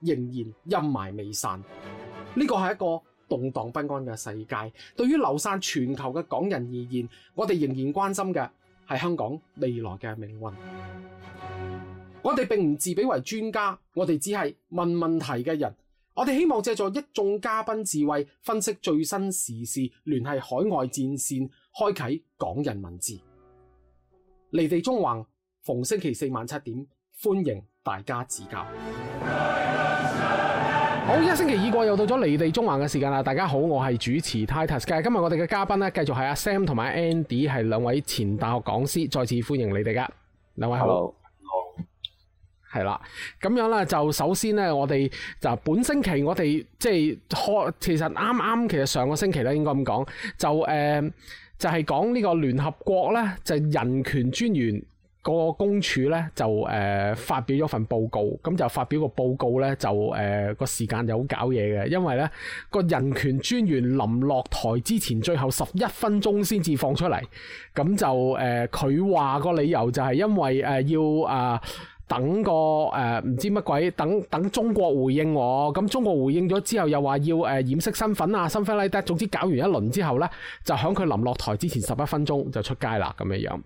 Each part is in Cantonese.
仍然陰霾未散，呢個係一個動盪不安嘅世界。對於流散全球嘅港人而言，我哋仍然關心嘅係香港未來嘅命運。我哋並唔自比為專家，我哋只係問問題嘅人。我哋希望借助一眾嘉賓智慧，分析最新時事，聯繫海外戰線，開啟港人文字離地縱橫，逢星期四晚七點，歡迎大家指教。好，一星期已過，又到咗離地縱橫嘅時間啦！大家好，我係主持 Titus，今日我哋嘅嘉賓咧，繼續係阿 Sam 同埋 Andy，係兩位前大學講師，再次歡迎你哋噶兩位。好，Hello，好，係啦，咁樣就首先咧，我哋就本星期我哋即係開，其實啱啱其實上個星期咧，應該咁講，就誒就係講呢個聯合國咧，就人權專員。那個公署呢就誒、呃、發表咗份報告，咁就發表個報告呢，就誒個、呃、時間就好搞嘢嘅，因為呢個人權專員臨落台之前，最後十一分鐘先至放出嚟，咁就誒佢話個理由就係因為誒、呃、要啊。呃等個誒唔、呃、知乜鬼，等等中國回應我，咁中國回應咗之後又話要誒、呃、掩飾身份啊、身份類德總之搞完一輪之後呢，就喺佢臨落台之前十一分鐘就出街啦咁樣樣。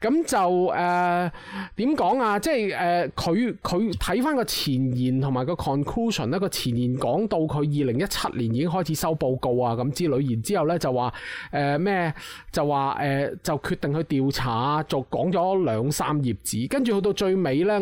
咁就誒點講啊？即係誒佢佢睇翻個前言同埋個 conclusion 呢，個前言講到佢二零一七年已經開始收報告啊咁之類，然之後呢就話誒咩就話誒、呃、就決定去調查，就講咗兩三頁紙，跟住去到最尾呢。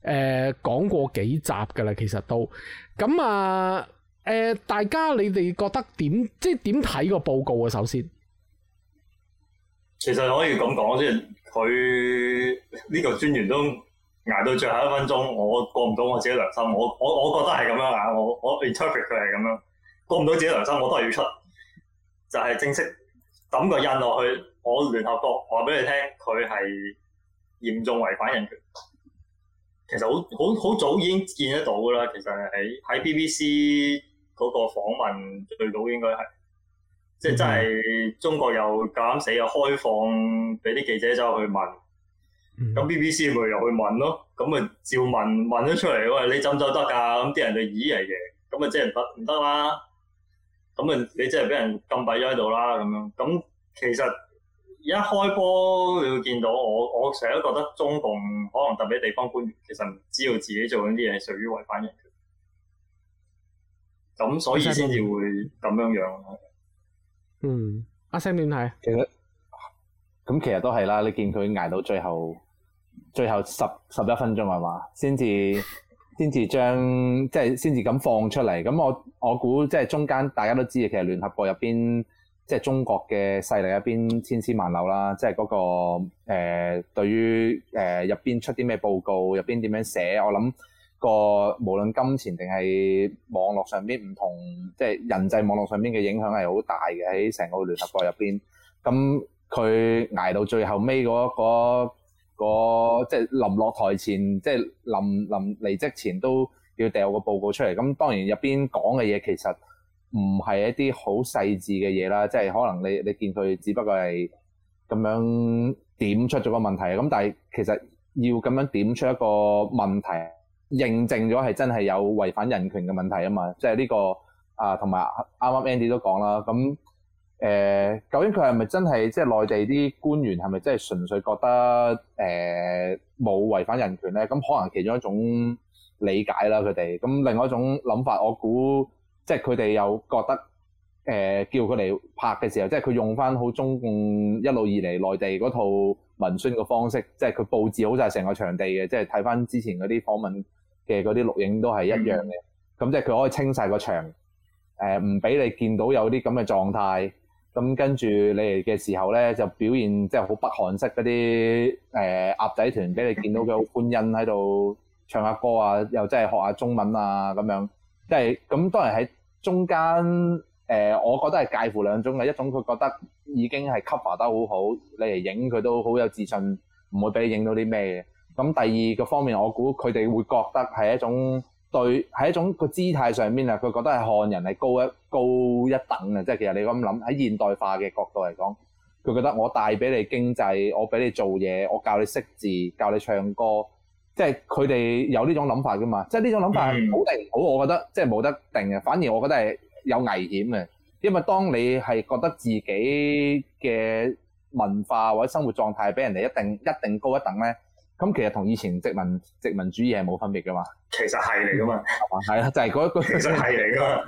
誒、呃，講過幾集噶啦，其實都咁啊！誒、呃，大家你哋覺得點？即係點睇個報告啊？首先，其實可以咁講先，佢呢個專員都挨到最後一分鐘，我過唔到我自己良心，我我我覺得係咁樣啊！我我 interpret 佢係咁樣，過唔到自己良心，我都係要出，就係、是、正式抌個印落去。我聯合國話俾你聽，佢係嚴重違反人權。其實好好好早已經見得到㗎啦，其實喺喺 BBC 嗰個訪問最早應該係，即、就、係、是、真係中國又夾硬死又開放俾啲記者走去問，咁 BBC 咪又去問咯，咁咪照問問咗出嚟，喂你走唔走得㗎？咁啲人就咦嚟嘅，咁咪即係唔得唔得啦，咁咪你即係俾人禁閉咗喺度啦咁樣咁其實。一家開波，你會見到我，我成日都覺得中共可能特別地方官員，其實唔知道自己做緊啲嘢係屬於違反人權。咁所以先至會咁樣樣。嗯、啊，阿 s a 點睇其實咁其實都係啦。你見佢挨到最後，最後十十一分鐘係嘛，先至先至將即係先至咁放出嚟。咁我我估即係中間大家都知嘅，其實聯合國入邊。即係中國嘅勢力一邊千絲萬縷啦，即係嗰個、呃、對於、呃、入邊出啲咩報告，入邊點樣寫，我諗個無論金錢定係網絡上邊唔同，即係人際網絡上邊嘅影響係好大嘅喺成個聯合國入邊。咁佢捱到最後尾嗰個即係臨落台前，即係臨臨離職前都要掉個報告出嚟。咁當然入邊講嘅嘢其實唔係一啲好細緻嘅嘢啦，即係可能你你見佢只不過係咁樣點出咗個問題。咁但係其實要咁樣點出一個問題，認證咗係真係有違反人權嘅問題啊嘛，即係呢個啊同埋啱啱 Andy 都講啦，咁誒、呃、究竟佢係咪真係即係內地啲官員係咪真係純粹覺得誒冇、呃、違反人權呢？咁可能其中一種理解啦，佢哋咁另外一種諗法，我估。即係佢哋又覺得，誒、呃、叫佢嚟拍嘅時候，即係佢用翻好中共一路以嚟內地嗰套文宣嘅方式，即係佢佈置好晒成個場地嘅，即係睇翻之前嗰啲訪問嘅嗰啲錄影都係一樣嘅。咁、嗯、即係佢可以清曬個場，誒唔俾你見到有啲咁嘅狀態。咁跟住你嚟嘅時候咧，就表現即係好北韓式嗰啲誒鴨仔團，俾你見到佢好歡欣喺度唱下歌啊，又即係學下中文啊咁樣。即係咁當然喺。中間誒、呃，我覺得係介乎兩種嘅，一種佢覺得已經係 cover 得好好，你嚟影佢都好有自信，唔會俾你影到啲咩。咁第二個方面，我估佢哋會覺得係一種對，係一種個姿態上面啊，佢覺得係漢人係高一高一等嘅，即係其實你咁諗喺現代化嘅角度嚟講，佢覺得我帶俾你經濟，我俾你做嘢，我教你識字，教你唱歌。即係佢哋有呢種諗法噶嘛，即係呢種諗法好定唔好，我覺得即係冇得定嘅，反而我覺得係有危險嘅，因為當你係覺得自己嘅文化或者生活狀態比人哋一定一定高一等咧，咁其實同以前殖民殖民主義係冇分別噶嘛。其實係嚟噶嘛，係 啊，就係嗰個。其實係嚟噶，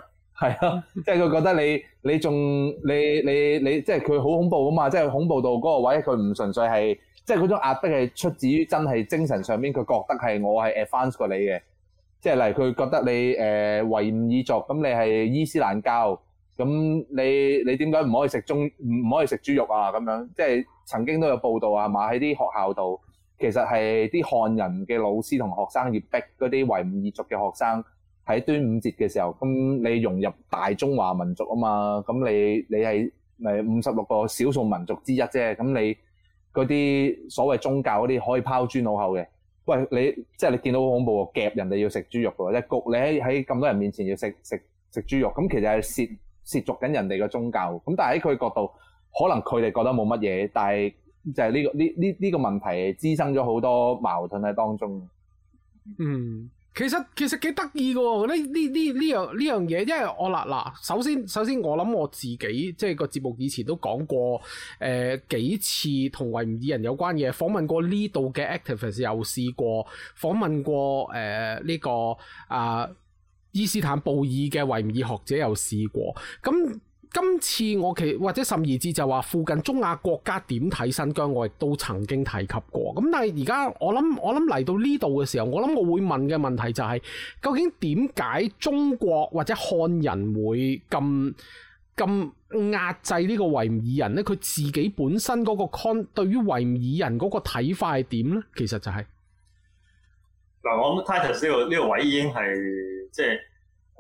係啊。即係佢覺得你你仲你你你，即係佢好恐怖啊嘛，即係恐怖到嗰個位，佢唔純粹係。即係嗰種壓迫係出自於真係精神上邊。佢覺得係我係 advanced 過你嘅。即係例如佢覺得你誒、呃、維吾爾族，咁你係伊斯蘭教，咁你你點解唔可以食中唔可以食豬肉啊？咁樣即係曾經都有報道啊，嘛喺啲學校度，其實係啲漢人嘅老師同學生要逼嗰啲維吾爾族嘅學生喺端午節嘅時候，咁你融入大中華民族啊嘛，咁你你係咪五十六個少數民族之一啫？咁你。嗰啲所謂宗教嗰啲可以拋諸腦後嘅，喂，你即係你見到好恐怖喎，夾人哋要食豬肉喎。即係焗你喺喺咁多人面前要食食食豬肉，咁其實係涉涉足緊人哋嘅宗教，咁但係喺佢角度，可能佢哋覺得冇乜嘢，但係就係呢個呢呢呢個問題滋生咗好多矛盾喺當中。嗯。其實其實幾得意嘅喎，呢呢呢呢樣呢樣嘢，因為我啦嗱，首先首先我諗我自己即係個節目以前都講過誒、呃、幾次同維吾爾人有關嘅訪問過呢度嘅 activist 又試過訪問過誒呢、呃這個啊、呃、伊斯坦布爾嘅維吾爾學者有試過咁。嗯今次我其或者甚至就話附近中亞國家點睇新疆，我亦都曾經提及過。咁但係而家我諗我諗嚟到呢度嘅時候，我諗我會問嘅問題就係，究竟點解中國或者漢人會咁咁壓制呢個維吾爾人呢？佢自己本身嗰個 con 對於維吾爾人嗰個睇法係點呢？其實就係嗱，我諗 Titus 呢個呢個位已經係即係。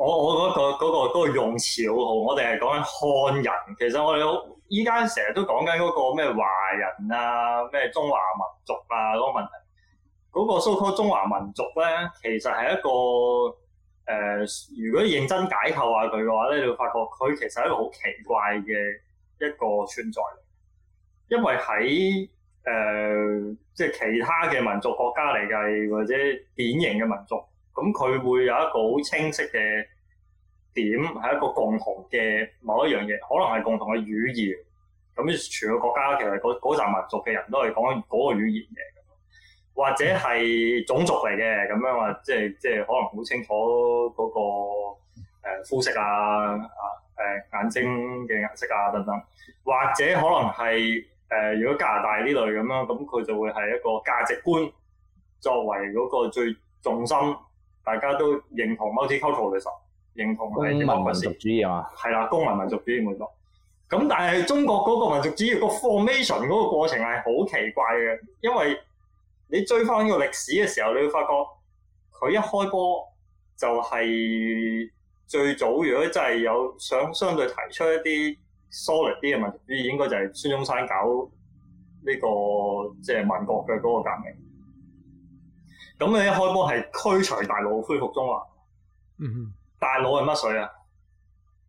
我我嗰、那個嗰、那個嗰、那個、用詞好好，我哋係講緊漢人。其實我哋好。依家成日都講緊嗰個咩華人啊、咩中華民族啊嗰、那個問題。嗰、那個所謂中華民族咧，其實係一個誒、呃，如果認真解構下佢嘅話咧，你會發覺佢其實係一個好奇怪嘅一個存在。因為喺誒、呃，即係其他嘅民族國家嚟計，或者典型嘅民族。咁佢會有一個好清晰嘅點，係一個共同嘅某一樣嘢，可能係共同嘅語言。咁全個國家其實嗰嗰集民族嘅人都係講嗰個語言嘅，或者係種族嚟嘅咁樣話，即係即係可能好清楚嗰、嗰個誒膚、呃、色啊、誒、呃、眼睛嘅顏色啊等等，或者可能係誒、呃、如果加拿大呢類咁樣，咁佢就會係一個價值觀作為嗰個最重心。大家都認同 multiculturalism，認同係點講？民族主義係嘛？係啦，公民民族主義的民，民族義。咁但係中國嗰個民族主義個 formation 嗰個過程係好奇怪嘅，因為你追翻呢個歷史嘅時候，你會發覺佢一開波就係最早，如果真係有想相對提出一啲 solid 啲嘅民族主義，應該就係孫中山搞呢、這個即係、就是、民國嘅嗰個革命。咁你一開波係驅除大陸，恢復中華。嗯，大佬係乜水啊？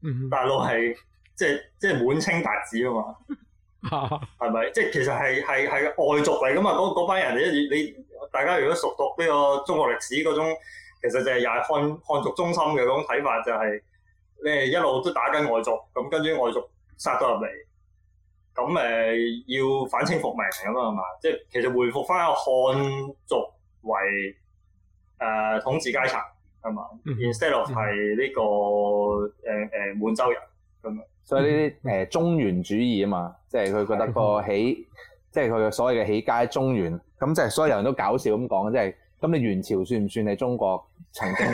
嗯，大佬係即係即係滿清達子啊嘛。係 咪？即係其實係係係外族嚟㗎嘛？嗰班人你你大家如果熟讀呢個中國歷史嗰種，其實就係又係漢漢族中心嘅嗰種睇法、就係，就係你一路都打緊外族，咁跟住外族殺到入嚟，咁誒、呃、要反清復明咁啊嘛？即係其實回復返個漢族。為誒、呃、統治階層係嘛？Instead of 係呢個誒誒、呃呃、滿洲人咁樣，所以呢啲、呃、中原主義啊嘛，即係佢覺得個起，即係佢嘅所謂嘅起家喺中原。咁即係所有人都搞笑咁講，即係咁你元朝算唔算係中國曾經？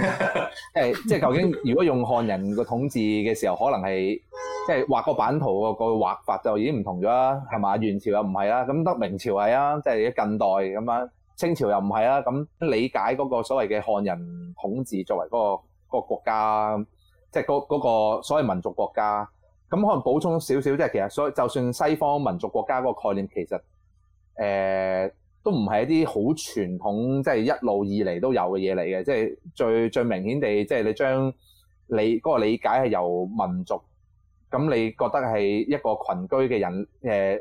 即係即係究竟如果用漢人個統治嘅時候，可能係即係畫個版圖個、個畫法就已經唔同咗啦，係嘛？元朝又唔係啦，咁得明朝係啊，即、就、係、係、近代咁樣清朝又唔係啊，咁理解嗰個所謂嘅漢人統治作為嗰個個國家，即係嗰嗰個所謂民族國家，咁可能補充少少，即係其實所以就算西方民族國家嗰個概念，其實誒都唔係一啲好傳統，即係一路以嚟都有嘅嘢嚟嘅，即係最最明顯地，即係你將你嗰個理解係由民族，咁你覺得係一個群居嘅人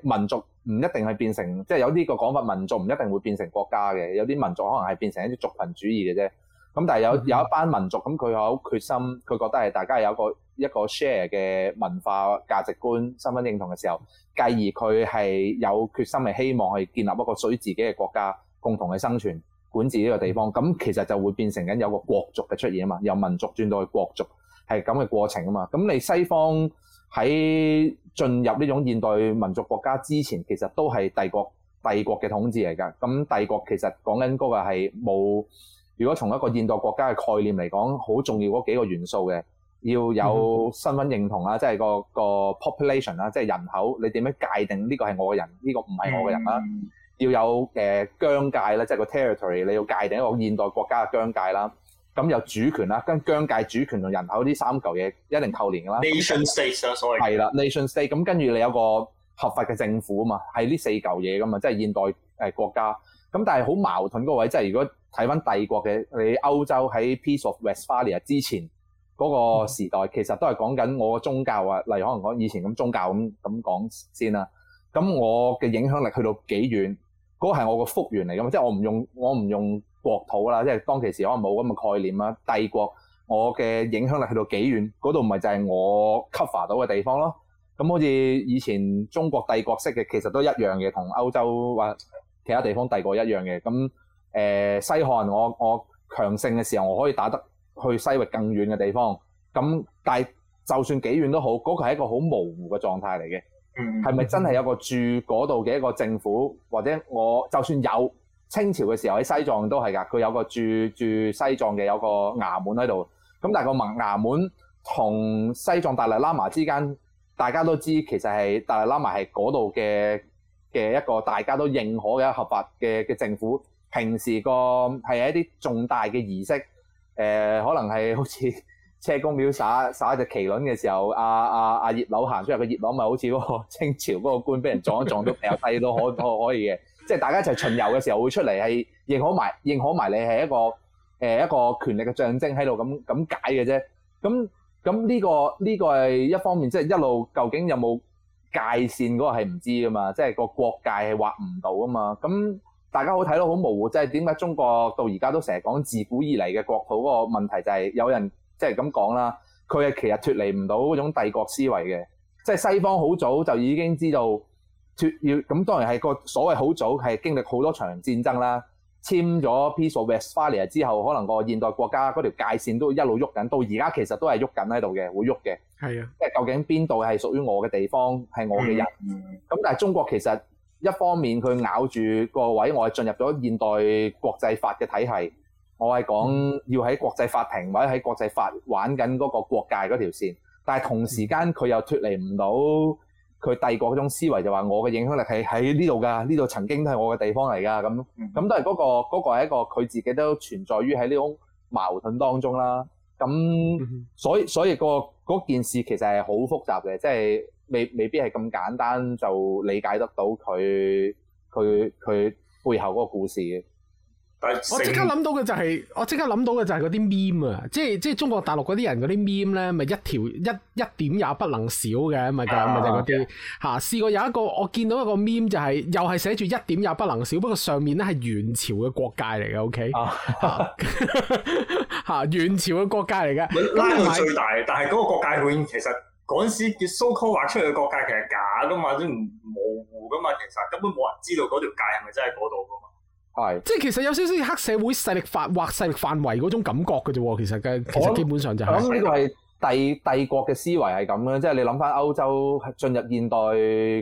誒民族。唔一定係變成，即係有呢個講法，民族唔一定會變成國家嘅。有啲民族可能係變成一啲族群主義嘅啫。咁但係有有一班民族，咁佢有決心，佢覺得係大家有個一個 share 嘅文化價值觀，身份認同嘅時候，繼而佢係有決心係希望係建立一個屬於自己嘅國家，共同嘅生存、管治呢個地方。咁其實就會變成緊有個國族嘅出現啊嘛，由民族轉到去國族係咁嘅過程啊嘛。咁你西方，喺進入呢種現代民族國家之前，其實都係帝國帝國嘅統治嚟噶。咁帝國其實講緊嗰個係冇，如果從一個現代國家嘅概念嚟講，好重要嗰幾個元素嘅，要有身份認同啊、嗯，即係個,個 population 啊，即係人口，你點樣界定呢個係我嘅人，呢、呢個唔係我嘅人啦、嗯？要有誒疆界啦，即係個 territory，你要界定一個現代國家嘅疆界啦。咁有主權啦，跟疆界、主權同人口呢三嚿嘢一定扣連㗎啦。Nation、就是、states so 啦，sorry。係啦，nation state。咁跟住你有個合法嘅政府啊嘛，係呢四嚿嘢㗎嘛，即、就、係、是、現代誒國家。咁但係好矛盾嗰位，即係如果睇翻帝國嘅你歐洲喺 Peace of Westphalia 之前嗰個時代，mm -hmm. 其實都係講緊我個宗教啊，例如可能講以前咁宗教咁咁講先啦。咁我嘅影響力去到幾遠？嗰個係我個幅員嚟㗎嘛，即、就、係、是、我唔用，我唔用。國土啦，即係當其時可能冇咁嘅概念啦。帝國我嘅影響力去到幾遠？嗰度唔係就係我 cover 到嘅地方咯。咁好似以前中國帝國式嘅，其實都一樣嘅，同歐洲或其他地方帝國一樣嘅。咁、呃、西漢我我強盛嘅時候，我可以打得去西域更遠嘅地方。咁但就算幾遠都好，嗰個係一個好模糊嘅狀態嚟嘅。嗯，係咪真係有個住嗰度嘅一個政府，或者我就算有？清朝嘅時候喺西藏都係噶，佢有個住住西藏嘅有一個衙門喺度，咁但係個文衙門同西藏達賴喇嘛之間，大家都知其實係達賴喇嘛係嗰度嘅嘅一個大家都認可嘅合法嘅嘅政府。平時個係一啲重大嘅儀式，誒、呃、可能係好似車公廟耍耍隻麒麟嘅時候，阿阿阿葉劉行出嚟，個葉劉咪好似嗰個清朝嗰個官俾人撞一撞都比較低 都可可可以嘅。即係大家一齊巡遊嘅時候，會出嚟係認可埋認可埋你係一個、呃、一個權力嘅象徵喺度咁咁解嘅啫。咁咁呢個呢個係一方面，即係一路究竟有冇界線嗰個係唔知㗎嘛，即係個國界係劃唔到㗎嘛。咁大家好睇到好模糊，即係點解中國到而家都成日講自古以嚟嘅國土嗰個問題，就係有人即係咁講啦。佢係其實脱離唔到嗰種帝國思維嘅，即係西方好早就已經知道。脱要咁，當然係個所謂好早，係經歷好多場戰爭啦。簽咗《Peace of Westphalia》之後，可能個現代國家嗰條界線都一路喐緊，到而家其實都係喐緊喺度嘅，會喐嘅。係啊，即係究竟邊度係屬於我嘅地方，係我嘅人。咁但係中國其實一方面佢咬住個位，我係進入咗現代國際法嘅體系，我係講要喺國際法庭或者喺國際法玩緊嗰個國界嗰條線，但係同時間佢又脱離唔到。佢帝國嗰種思維就話：我嘅影響力係喺呢度㗎，呢度曾經都係我嘅地方嚟㗎。咁咁都係嗰個，嗰個係一個佢自己都存在於喺呢種矛盾當中啦。咁所以所以個嗰件事其實係好複雜嘅，即係未未必係咁簡單就理解得到佢佢佢背後嗰個故事。我即刻諗到嘅就係，我即刻諗到嘅就係嗰啲 meme 啊，即係即係中國大陸嗰啲人嗰啲 meme 呢，咪一條一一點也不能少嘅，咪咁咪就啲、是、吓、啊。試過有一個我見到一個 meme 就係、是，又係寫住一點也不能少，不過上面咧係元朝嘅國界嚟嘅，O K 啊，吓、 啊、元朝嘅國界嚟嘅，你拉到最大，但係嗰個國界佢其實嗰陣時叫 so-called 畫出嚟嘅國界，其實,、so、的其實假噶嘛，都模糊噶嘛，其實根本冇人知道嗰條界係咪真係嗰度嘛。即係其實有少少黑社會勢力範或勢力範圍嗰種感覺嘅啫，其實嘅其實基本上就係、是、咁。呢個係帝帝國嘅思維係咁嘅，即係你諗翻歐洲進入現代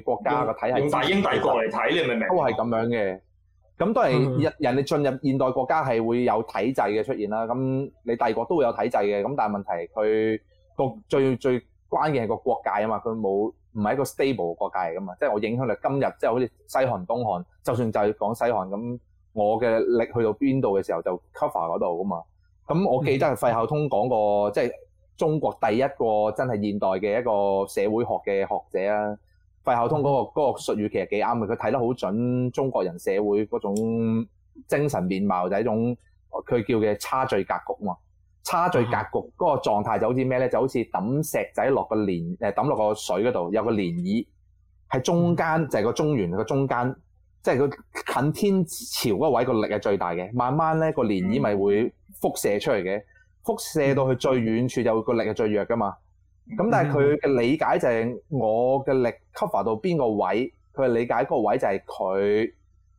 國家個體系，大英帝國嚟睇，你明唔明都係咁樣嘅。咁都係人人哋進入現代國家係會有體制嘅出現啦。咁、嗯、你帝國都會有體制嘅。咁但係問題佢個最最關鍵係個國界啊嘛。佢冇唔係一個 stable 國界嚟噶嘛。即係我影響力今日即係好似西漢東漢，就算就係講西漢咁。我嘅力去到邊度嘅時候就 cover 嗰度噶嘛。咁我記得係費孝通講過，嗯、即係中國第一個真係現代嘅一個社會學嘅學者啊。費孝通嗰個嗰個術語其實幾啱嘅，佢睇得好準中國人社會嗰種精神面貌就係一種佢叫嘅差序格局嘛。差序格局嗰個狀態就好似咩咧？就好似抌石仔落個蓮誒抌落個水嗰度有個漣漪喺中間，就係個中原、嗰個中間。即係佢近天朝嗰位，個力係最大嘅。慢慢咧，個漣漪咪會輻射出嚟嘅，輻射到去最遠處就個力係最弱噶嘛。咁但係佢嘅理解就係我嘅力 cover 到邊個位，佢嘅理解嗰個位就係佢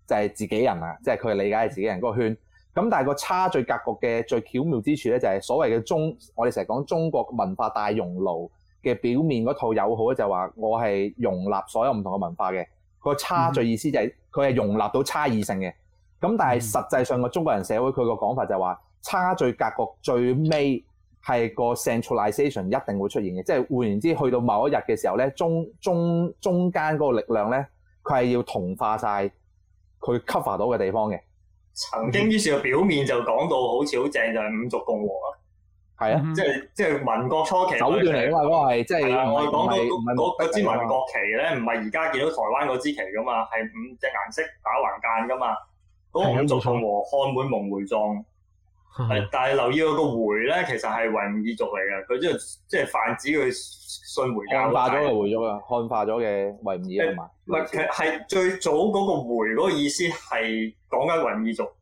就係自己人啊，即係佢係理解係自己人嗰個圈。咁但係個差序格局嘅最巧妙之處咧，就係所謂嘅中，我哋成日講中國文化大熔爐嘅表面嗰套友好咧，就話我係容納所有唔同嘅文化嘅。個差序意思就係、是。佢係容納到差異性嘅，咁但係實際上個中國人社會，佢個講法就係話，差距格局最尾係個 centralization 一定會出現嘅，即係換言之，去到某一日嘅時候咧，中中中間嗰個力量咧，佢係要同化晒佢 cover 到嘅地方嘅。曾經於是個表面就講到好似好正就係五族共和啊。係啊，即係即係民國初期，期走斷嚟嗰個係，係啦、啊，我哋講嗰嗰嗰支民國旗咧，唔係而家見到台灣嗰支旗噶嘛，係五隻顏色打橫間噶嘛，嗰五族共和漢滿蒙回藏，係、啊啊，但係留意個回咧，其實係維吾爾族嚟噶，佢即係即係泛指佢信回教。漢化咗嘅回族啦，漢化咗嘅維吾爾係嘛，唔係，其實係最早嗰個回嗰個意思係講緊維吾爾族。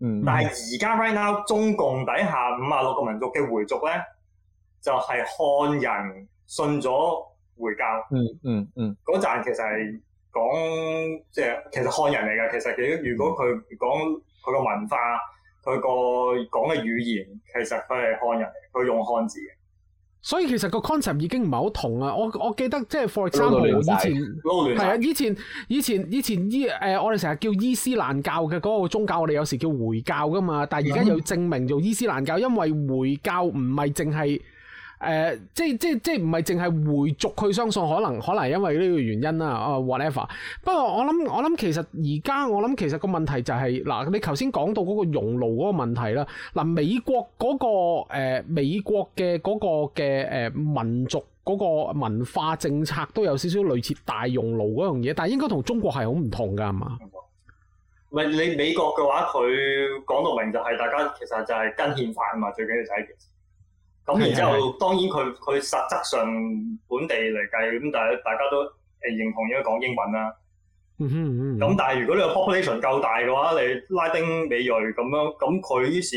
嗯，但係而家 right now 中共底下五啊六個民族嘅回族咧，就係、是、漢人信咗回教。嗯嗯嗯，陣、嗯、其實係講，即係其實漢人嚟嘅，其實佢如果佢講佢嘅文化，佢個講嘅語言，其實佢係漢人嚟，佢用漢字嘅。所以其實個 concept 已經唔係好同啊！我我記得即係 for example 以前係啊，以前以前以前依、呃、我哋成日叫伊斯蘭教嘅嗰個宗教，我哋有時叫回教噶嘛，但係而家又要證明做伊斯蘭教，因為回教唔係淨係。誒、uh,，即係即係即係唔係淨係回族去相信，可能可能因為呢個原因啦、uh,，whatever。不過我諗我諗其實而家我諗其實個問題就係、是、嗱，你頭先講到嗰個熔爐嗰個問題啦。嗱，美國嗰、那個、呃、美國嘅嗰嘅誒民族嗰個文化政策都有少少類似大熔爐嗰樣嘢，但係應該同中國係好唔同㗎，係嘛？唔，你美國嘅話，佢講到明就係、是、大家其實就係跟憲法啊嘛，最緊要就係、是咁然之後，當然佢佢實質上本地嚟計，咁大家大家都誒認同應該講英文啦。咁、嗯嗯、但係如果你個 population 夠大嘅話，你拉丁美裔咁樣，咁佢於是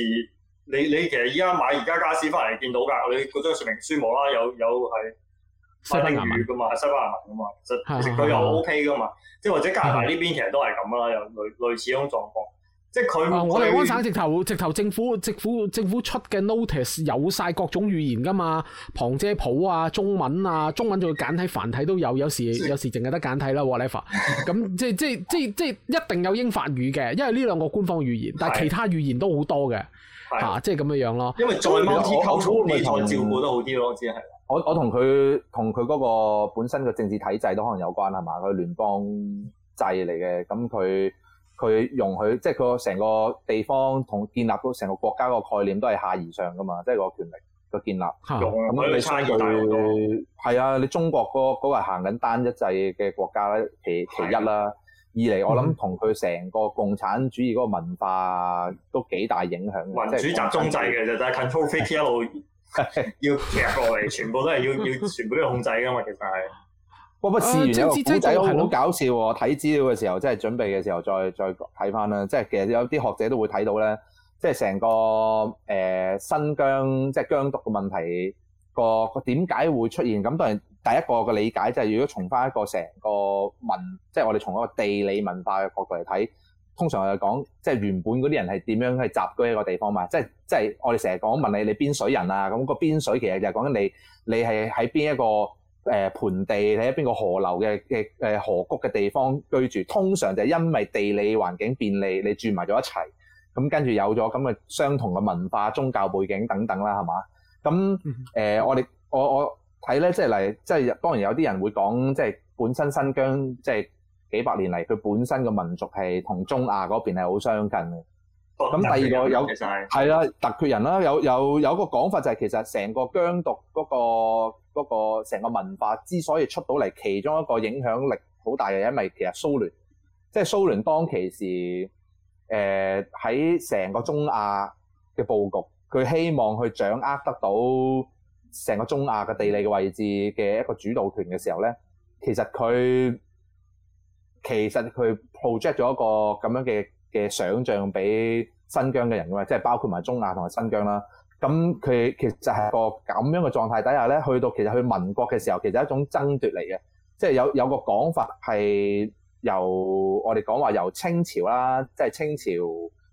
你你其實依家買而家家私返嚟見到㗎，你嗰張說明書冇啦，有有係拉丁語㗎嘛，係西班牙文㗎嘛，其實佢又 OK 㗎嘛，即係或者加拿大呢邊其實都係咁啦，有類、類似咁嘅狀況。即係佢、呃，我哋安省直頭直頭政府政府政府出嘅 notice 有晒各種語言噶嘛，旁遮普啊、中文啊、中文仲要簡體繁體都有，有時有時淨係得簡體啦，whatever。 咁即係即係即係即係一定有英法語嘅，因為呢兩個官方語言，但係其他語言都好多嘅嚇，即係咁樣樣咯。因為在貓狗方面照顧都好啲咯，只、嗯、係我我同佢同佢嗰個本身嘅政治體制都可能有關係嘛，佢聯邦制嚟嘅，咁佢。佢容許，即係佢個成個地方同建立到成個國家個概念都係下而上噶嘛，即、就、係、是、個權力個建立。咁、啊啊、你參大。係啊，你中國嗰、那個行緊單一制嘅國家咧，其其一啦。二嚟我諗同佢成個共產主義嗰個文化都幾大影響。民、嗯就是、主集中、就是、制嘅就但係 control 一路要夾過嚟， 全部都係要要全部都要控制嘅嘛，其實係。不不試完個古仔好搞笑喎，睇資料嘅時候，即係準備嘅時候，再再睇翻啦。即係其實有啲學者都會睇到咧，即係成個誒新疆即係疆獨嘅問題個點解會出現咁？當然第一個嘅理解即係如果從翻一個成個文，即係我哋從一個地理文化嘅角度嚟睇，通常就係講即係原本嗰啲人係點樣去集居一個地方嘛？即係即係我哋成日講問你你邊水人啊？咁個邊水其實就係講緊你你係喺邊一個。誒盆地喺邊個河流嘅嘅誒河谷嘅地方居住，通常就係因為地理環境便利，你住埋咗一齊，咁跟住有咗咁嘅相同嘅文化、宗教背景等等啦，係嘛？咁誒、嗯呃，我哋我我睇咧，即係嚟，即係當然有啲人會講，即係本身新疆即係幾百年嚟，佢本身嘅民族係同中亞嗰邊係好相近嘅。咁第二個有其實係啦，突厥人啦，有有有，有個講法就係其實成個疆獨嗰個嗰個成、那個、個文化之所以出到嚟，其中一個影響力好大嘅，因為其實蘇聯即係、就是、蘇聯當其時誒、喺、呃、成個中亞嘅布局，佢希望去掌握得到成個中亞嘅地理嘅位置嘅一個主導權嘅時候咧，其實佢其實佢 project 咗一個咁樣嘅。嘅想象俾新疆嘅人嘅，即係包括埋中亞同埋新疆啦。咁佢其實就係個咁樣嘅狀態底下咧，去到其實去民國嘅時候，其實係一種爭奪嚟嘅。即係有有，個講法係由我哋講話由清朝啦，即係清朝。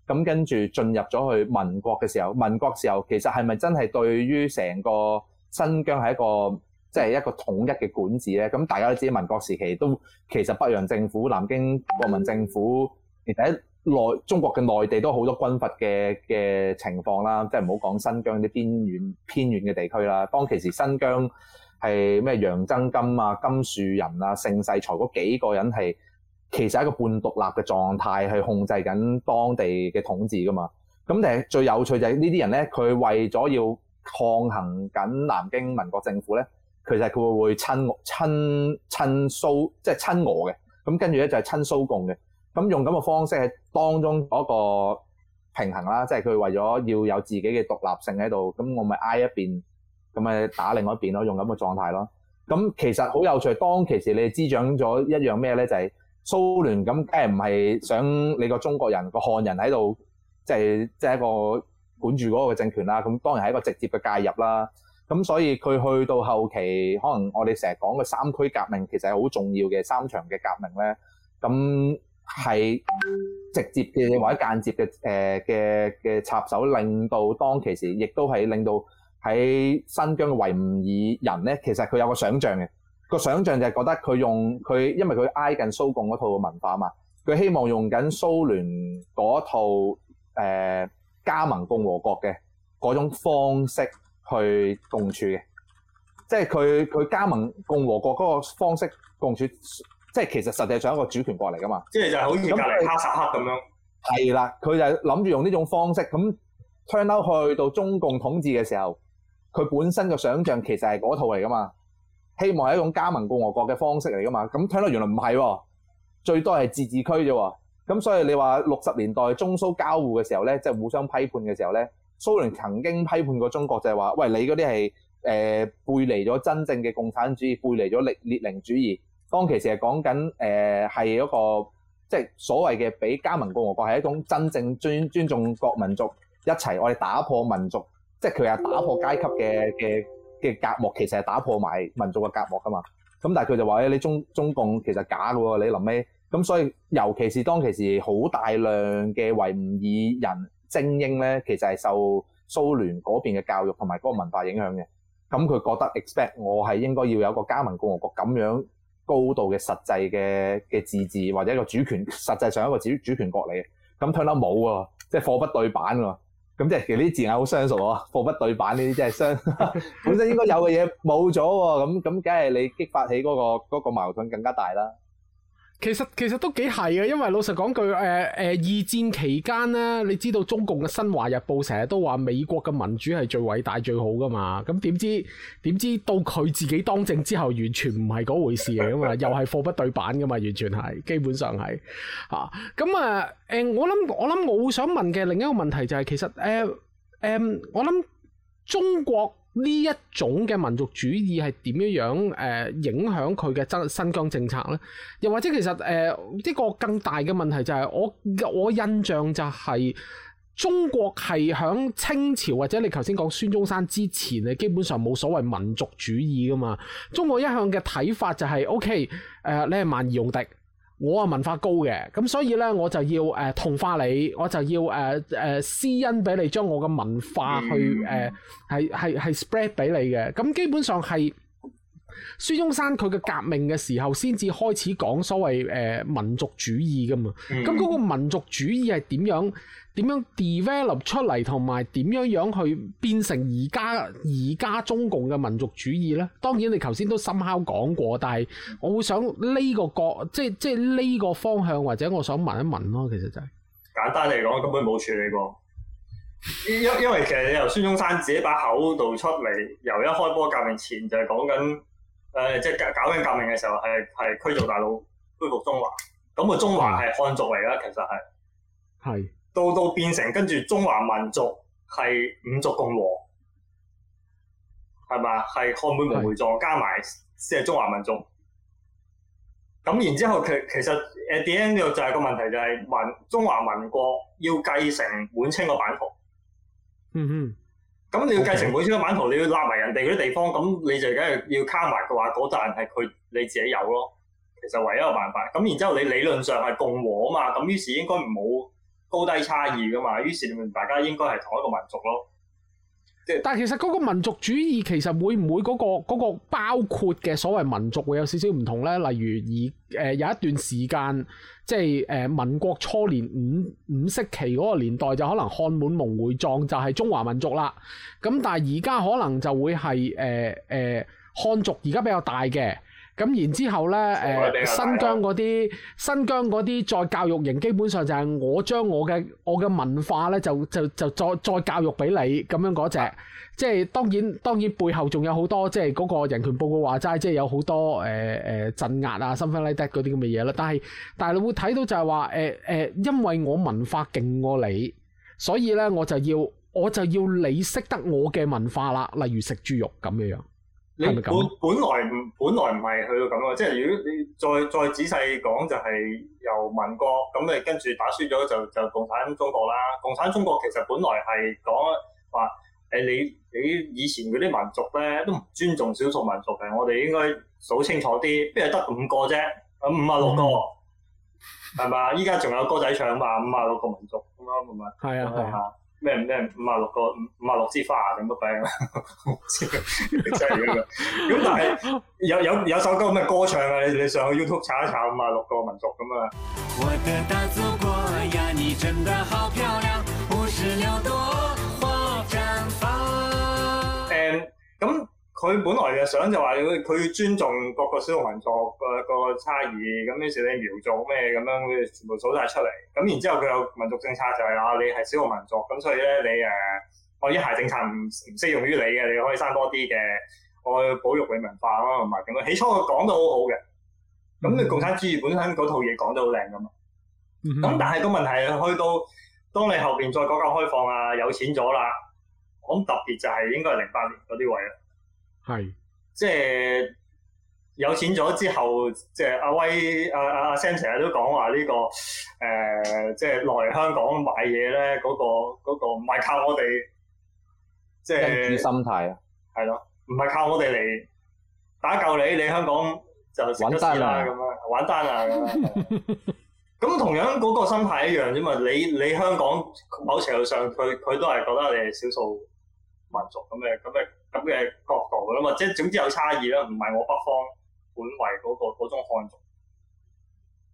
咁跟住進入咗去民國嘅時候，民國時候其實係咪真係對於成個新疆係一個即係一個統一嘅管治咧？咁大家都知民國時期都其實北洋政府、南京國民政府第一。內中國嘅內地都好多軍閥嘅嘅情況啦，即係唔好講新疆啲邊遠偏遠嘅地區啦。當其時新疆係咩楊增新啊、金樹仁啊、盛世才嗰幾個人係其實係一個半獨立嘅狀態去控制緊當地嘅統治㗎嘛。咁但係最有趣就係呢啲人咧，佢為咗要抗衡緊南京民國政府咧，其實佢會，會親親親蘇，即係親俄嘅。咁跟住咧就係親蘇共嘅。咁用咁嘅方式係。當中嗰個平衡啦，即係佢為咗要有自己嘅獨立性喺度，咁我咪挨一邊，咁咪打另外一邊咯，用咁嘅狀態咯。咁其實好有趣，當其時你滋長咗一樣咩呢？就係、是、蘇聯咁，梗係唔係想你個中國人個漢人喺度，即係即係一個管住嗰個政權啦。咁當然係一個直接嘅介入啦。咁所以佢去到後期，可能我哋成日講嘅三區革命其實係好重要嘅三場嘅革命呢。咁係直接嘅或者間接嘅誒嘅嘅插手，令到當其時亦都係令到喺新疆嘅維吾爾人咧，其實佢有個想像嘅、個想像就係覺得佢用佢，佢因為佢挨近蘇共嗰套文化嘛，佢希望用緊蘇聯嗰套誒、呃、加盟共和國嘅嗰種方式去共處嘅，即係佢佢加盟共和國嗰個方式共處。即係其實實際上一個主權國嚟噶嘛，即係就好似隔離哈薩克咁樣。係啦，佢就諗住用呢種方式。咁 turn out 去到中共統治嘅時候，佢本身嘅想像其實係嗰套嚟噶嘛，希望係一種加盟共和國嘅方式嚟噶嘛。咁 turn out 原來唔係喎，最多係自治區啫喎。咁所以你話六十年代中蘇交互嘅時候咧，即係互相批判嘅時候咧，蘇聯曾經批判過中國就係話：喂，你嗰啲係誒背離咗真正嘅共產主義，背離咗列列寧主義。當其時係講緊誒係一個即係，就是、所謂嘅俾加盟共和國係一種真正尊尊重各民族一齊，我哋打破民族，即係佢係打破階級嘅嘅嘅隔膜。其實係打破埋民族嘅隔膜噶嘛。咁但係佢就話咧，你中中共其實假嘅喎，你臨尾咁，咁所以尤其是當其時好大量嘅維吾爾人精英咧，其實係受蘇聯嗰邊嘅教育同埋嗰個文化影響嘅。咁佢覺得 expect 我係應該要有一個加盟共和國咁樣。高度嘅實際嘅嘅自治或者一個主權實際上一個主主權國嚟嘅，咁佢都冇喎，即係貨不對板喎，咁即係其實呢啲字眼好相熟喎，貨不對板呢啲即係相 本身應該有嘅嘢冇咗喎，咁咁梗係你激發起嗰個嗰個矛盾更加大啦。其實其實都幾係嘅，因為老實講句，誒、呃、誒二戰期間咧，你知道中共嘅《新華日報》成日都話美國嘅民主係最偉大最好噶嘛，咁點知點知到佢自己當政之後，完全唔係嗰回事嚟噶嘛，又係貨不對版噶嘛，完全係基本上係嚇，咁啊誒、呃，我諗我諗我想問嘅另一個問題就係、是、其實誒誒、呃呃，我諗中國。呢一種嘅民族主義係點樣樣影響佢嘅真新疆政策呢？又或者其實誒一個更大嘅問題就係我我印象就係中國係響清朝或者你頭先講孫中山之前咧，基本上冇所謂民族主義噶嘛。中國一向嘅睇法就係 OK 誒，你係萬用敵。我啊文化高嘅，咁所以呢，我就要、呃、同化你，我就要、呃、私恩俾你，將我嘅文化去、呃、係係係 spread 俾你嘅。咁基本上係孫中山佢嘅革命嘅時候，先至開始講所謂、呃、民族主義㗎嘛。咁嗰個民族主義係點樣？點樣 develop 出嚟，同埋點樣樣去變成而家而家中共嘅民族主義咧？當然你頭先都深敲講過，但係我會想呢個角，即係即係呢個方向，或者我想問一問咯。其實就係、是、簡單嚟講，根本冇處理過。因因為其實你由孫中山自己把口度出嚟，由一開波革命前就係講緊誒、即、呃、係、就是、搞搞緊革命嘅時候係係驅逐韃虜，恢復中華。咁、那個中華係漢族嚟啦、嗯，其實係係。是到到變成跟住中華民族係五族共和，係咪啊？係漢滿蒙回藏加埋即係中華民族。咁然之後，其其實誒點樣就係個問題，就係民中華民國要繼承滿清個版圖。嗯嗯。咁 你要繼承滿清個版圖，你要立埋人哋嗰啲地方，咁你就梗係要卡埋嘅話，嗰陣係佢你自己有咯。其實唯一,一個辦法。咁然之後，你理論上係共和啊嘛，咁於是應該唔好。高低差異噶嘛，於是大家應該係同一個民族咯。但係其實嗰個民族主義其實會唔會嗰、嗰個嗰個包括嘅所謂民族會有少少唔同呢？例如而有一段時間，即係民國初年五五色旗嗰個年代就可能漢滿蒙回藏就係中華民族啦。咁但係而家可能就會係誒、呃呃、漢族而家比較大嘅。咁然之後咧，新疆嗰啲新疆嗰啲再教育型，基本上就係我將我嘅我嘅文化咧，就就就再再教育俾你咁樣嗰隻。即係當然當然背後仲有好多即係嗰個人權報告話齋，即係有好多誒誒鎮壓啊、審判、拉特嗰啲咁嘅嘢啦。但係但係你會睇到就係話、呃呃、因為我文化勁過你，所以咧我就要我就要你識得我嘅文化啦，例如食豬肉咁樣樣。是是你本本來唔本來唔係去到咁啊！即係如果你再再仔細講，就係由民國咁你跟住打輸咗就就共產中國啦。共產中國其實本來係講話誒，你你以前嗰啲民族咧都唔尊重少數民族，其實我哋應該數清楚啲，邊度得五個啫？五十六個係咪啊？依家仲有歌仔唱嘛？五十六個民族咁 啊，係啊，係啊。咩咩五啊六個五啊六枝花咁嘅病啊，啊 真係咁樣。咁 但係有有有首歌咁嘅歌唱啊，你你上 YouTube 查一查五啊六個民族咁啊。我的大祖國呀，你真的好漂亮，五十六朵花綻放。誒、嗯，咁。佢本來就想就話佢要尊重各個少數民族個個差異，咁於是你苗族咩咁樣，全部數晒出嚟。咁然之後佢有民族政策就係、是、啊，你係少數民族，咁所以咧你誒、啊、我一孩政策唔唔適用於你嘅，你可以生多啲嘅，我保育你文化咯，同埋咁。起初講得好好嘅，咁你共產主義本身嗰套嘢講得好靚噶嘛。咁、mm -hmm. 但係個問題係去到當你後邊再改革開放啊，有錢咗啦，咁特別就係應該係零八年嗰啲位啦。係，即係有錢咗之後，即係阿威阿阿阿 Sam 成日都講話呢個誒、呃，即係來香港買嘢咧，嗰、嗰個嗰、嗰個唔係靠我哋，即係心態啊，係咯，唔係靠我哋嚟打救你，你香港就玩單啦，咁玩單啊咁。了了 咁同樣嗰個心態一樣啫嘛，你你香港某程度上，佢佢都係覺得你係少數民族咁嘅咁嘅。那麼咁嘅角度啦嘛，即係總之有差異啦，唔係我北方本位嗰、嗰個嗰種漢族。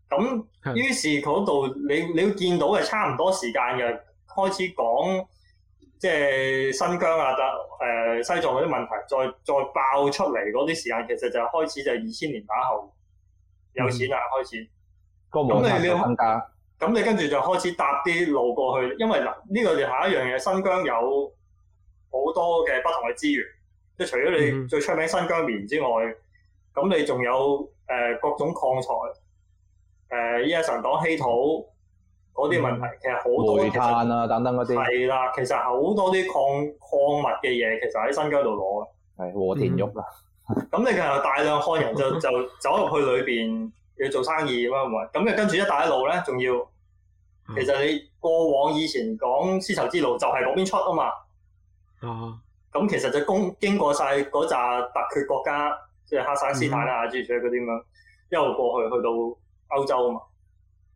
咁於是嗰度你你見到係差唔多時間嘅開始講，即係新疆啊、得、呃、西藏嗰啲問題，再再爆出嚟嗰啲時間，其實就開始就二千年打後、嗯、有錢啊開始。個咁你咁你跟住就開始搭啲路過去，因為嗱呢、個係下一樣嘢，新疆有。好多嘅不同嘅資源，即係除咗你最出名的新疆棉之外，咁你仲有誒各種礦材，誒依家講稀土嗰啲問題，嗯、其實好多煤炭啊，等等嗰啲係啦，其實好多啲礦礦物嘅嘢，其實喺新疆度攞嘅，係和田玉啊。咁、嗯、 你其實大量漢人就就走入去裏邊要做生意咁啊嘛，咁你跟住一帶一路咧，仲要、嗯、其實你過往以前講絲綢之路就係、是、嗰邊出啊嘛。啊、哦，咁其實就經經過晒嗰扎突厥國家，即係哈薩斯坦啦，啊，跟住即嗰啲咁樣一路過去去到歐洲啊嘛，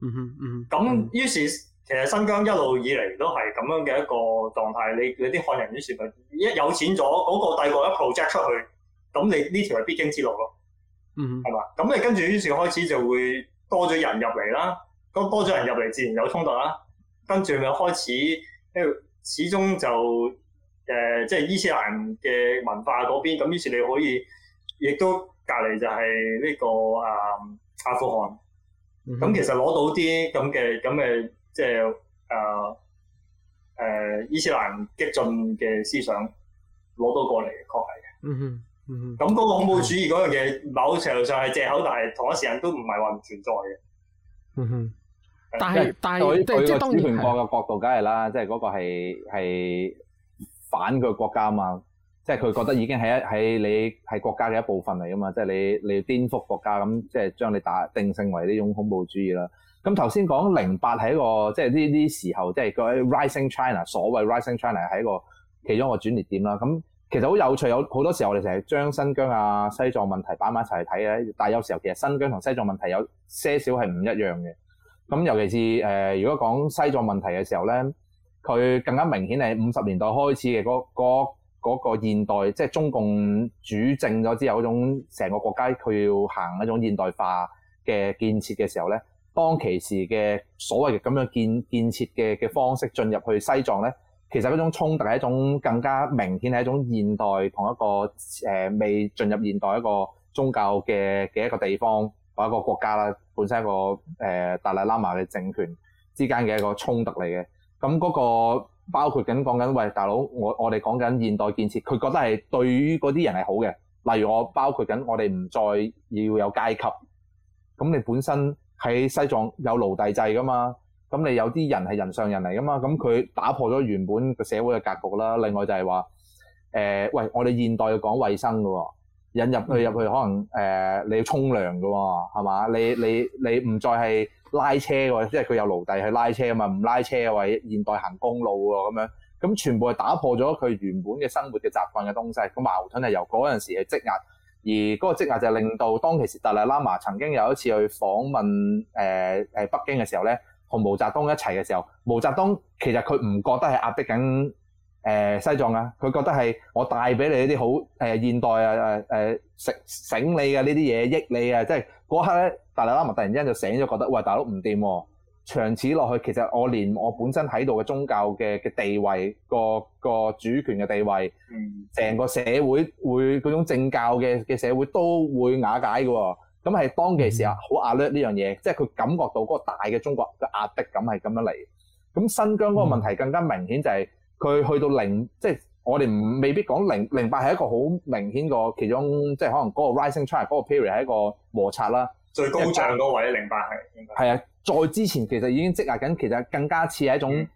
嗯嗯，咁於是其實新疆一路以嚟都係咁樣嘅一個狀態，你你啲漢人於是咪一有錢咗嗰、那個帝國一 project 出去，咁你呢條係必經之路咯，嗯，係嘛，咁你跟住於是開始就會多咗人入嚟啦，咁多咗人入嚟自然有衝突啦，跟住咪開始，始終就。誒，即係伊斯蘭嘅文化嗰邊，咁於是你可以，亦都隔籬就係呢、這個啊阿富汗，咁、嗯、其實攞到啲咁嘅咁嘅，即係啊誒、啊、伊斯蘭激進嘅思想攞到過嚟，確係。嗯咁嗰、嗯、個恐怖主義嗰樣嘢，某程度上係藉口，嗯、但係同一時間都唔係話唔存在嘅、嗯。但係但係，即係從美國嘅角度，梗係啦，即係嗰個係反佢國家啊嘛，即係佢覺得已經係一係你係國家嘅一部分嚟啊嘛，即係你你要顛覆國家咁，即係將你打定性為呢種恐怖主義啦。咁頭先講零八係一個即係呢啲時候即係個 Rising China 所謂 Rising China 係一個其中一個轉捩點啦。咁其實好有趣，有好多時候我哋成日將新疆啊西藏問題擺埋一齊睇嘅，但係有時候其實新疆同西藏問題有些少係唔一樣嘅。咁尤其是誒、呃、如果講西藏問題嘅時候咧。佢更加明顯係五十年代開始嘅嗰個嗰個現代，即係中共主政咗之後嗰種成個國家佢要行一種現代化嘅建設嘅時候咧，當其時嘅所謂嘅咁樣建建設嘅嘅方式進入去西藏咧，其實嗰種衝突係一種更加明顯係一種現代同一個誒未進入現代一個宗教嘅嘅一個地方或一個國家啦，本身一個誒、呃、達賴喇嘛嘅政權之間嘅一個衝突嚟嘅。咁嗰個包括緊講緊，喂，大佬，我我哋講緊現代建設，佢覺得係對於嗰啲人係好嘅。例如我包括緊，我哋唔再要有階級。咁你本身喺西藏有奴隸制噶嘛？咁你有啲人係人上人嚟噶嘛？咁佢打破咗原本個社會嘅格局啦。另外就係話，誒、呃、喂，我哋現代要講衛生㗎喎，引入去入去可能誒、呃、你要沖涼㗎喎，係嘛？你你你唔再係。拉車喎，即係佢有奴隸去拉車啊嘛，唔拉車喎，或係現代行公路喎咁樣，咁全部係打破咗佢原本嘅生活嘅習慣嘅東西，咁矛盾係由嗰陣時係積壓，而嗰個積壓就令到當其時達賴喇嘛曾經有一次去訪問誒、呃、北京嘅時候咧，同毛澤東一齊嘅時候，毛澤東其實佢唔覺得係壓迫緊誒、呃、西藏啊，佢覺得係我帶俾你啲好誒現代啊誒誒、呃、醒你嘅呢啲嘢益你啊，即係嗰刻呢，大喇喇咪突然之間就醒咗，覺得喂，大佬唔掂喎，長此落去，其實我連我本身喺度嘅宗教嘅嘅地位、個個主權嘅地位，成、嗯、個社會會嗰種政教嘅嘅社會都會瓦解嘅、哦。咁係當其時啊，好壓力呢樣嘢，即係佢感覺到嗰個大嘅中國嘅壓迫感係咁樣嚟。咁新疆嗰個問題更加明顯，就係佢去到零，嗯、即係。我哋唔未必講零零八係一個好明顯個其中，即係可能嗰個 rising track 嗰個 period 係一個摩擦啦。最高漲嗰位零八係。係、就、啊、是，再之前其實已經積壓緊，其實更加似係一種、嗯、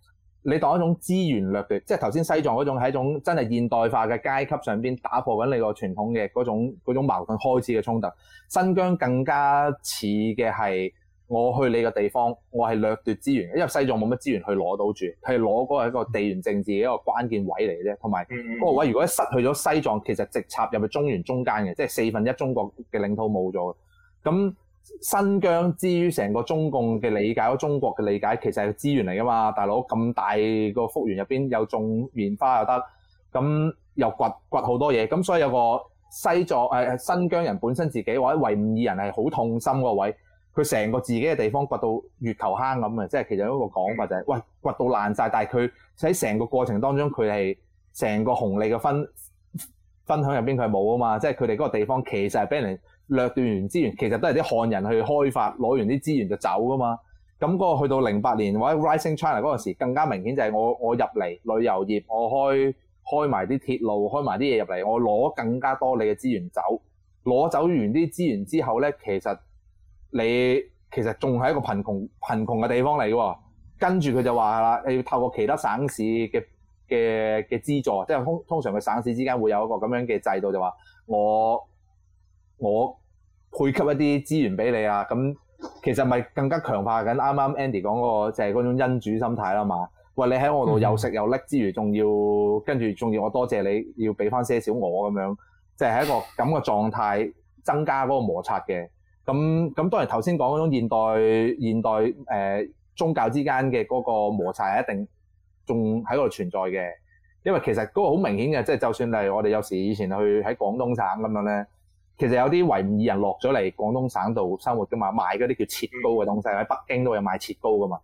你當一種資源掠奪，即係頭先西藏嗰種係一種真係現代化嘅階級上邊打破緊你個傳統嘅嗰種嗰種矛盾開始嘅衝突。新疆更加似嘅係。我去你個地方，我係掠奪資源嘅。因為西藏冇乜資源去攞到住，係攞嗰個一個地緣政治嘅一個關鍵位嚟嘅啫。同埋嗰個位，如果一失去咗西藏，其實直插入去中原中間嘅，即係四分一中國嘅領土冇咗。咁新疆之於成個中共嘅理解，中國嘅理解，其實係資源嚟㗎嘛。大佬咁大個幅員入邊，又種棉花又得，咁又掘掘好多嘢，咁所以有個西藏誒新疆人本身自己或者維吾爾人係好痛心嗰個位。佢成個自己嘅地方掘到月球坑咁啊！即係其實有一個講法就係、是，喂，掘到爛晒。」但係佢喺成個過程當中，佢係成個紅利嘅分分享入邊佢係冇啊嘛！即係佢哋嗰個地方其實係俾人掠奪完資源，其實都係啲漢人去開發攞完啲資源就走噶嘛。咁、那、嗰個去到零八年或者 Rising China 嗰陣時，更加明顯就係我我入嚟旅遊業，我開開埋啲鐵路，開埋啲嘢入嚟，我攞更加多你嘅資源走，攞走完啲資源之後咧，其實～你其實仲係一個貧窮貧窮嘅地方嚟嘅喎，跟住佢就話啦，你要透過其他省市嘅嘅嘅資助，即係通通常佢省市之間會有一個咁樣嘅制度，就話我我配給一啲資源俾你啊。咁其實咪更加強化緊啱啱 Andy 講嗰、那個，就係、是、嗰種恩主心態啦嘛。喂，你喺我度又食又叻之餘仲、嗯、要跟住仲要我多謝你，要俾翻些少我咁樣，即、就、係、是、一個咁嘅狀態增加嗰個摩擦嘅。咁咁當然頭先講嗰種現代現代誒、呃、宗教之間嘅嗰個摩擦係一定仲喺度存在嘅，因為其實嗰個好明顯嘅，即、就、係、是、就算係我哋有時以前去喺廣東省咁樣咧，其實有啲維吾爾人落咗嚟廣東省度生活噶嘛，賣嗰啲叫切糕嘅東西喺北京都有賣切糕噶嘛，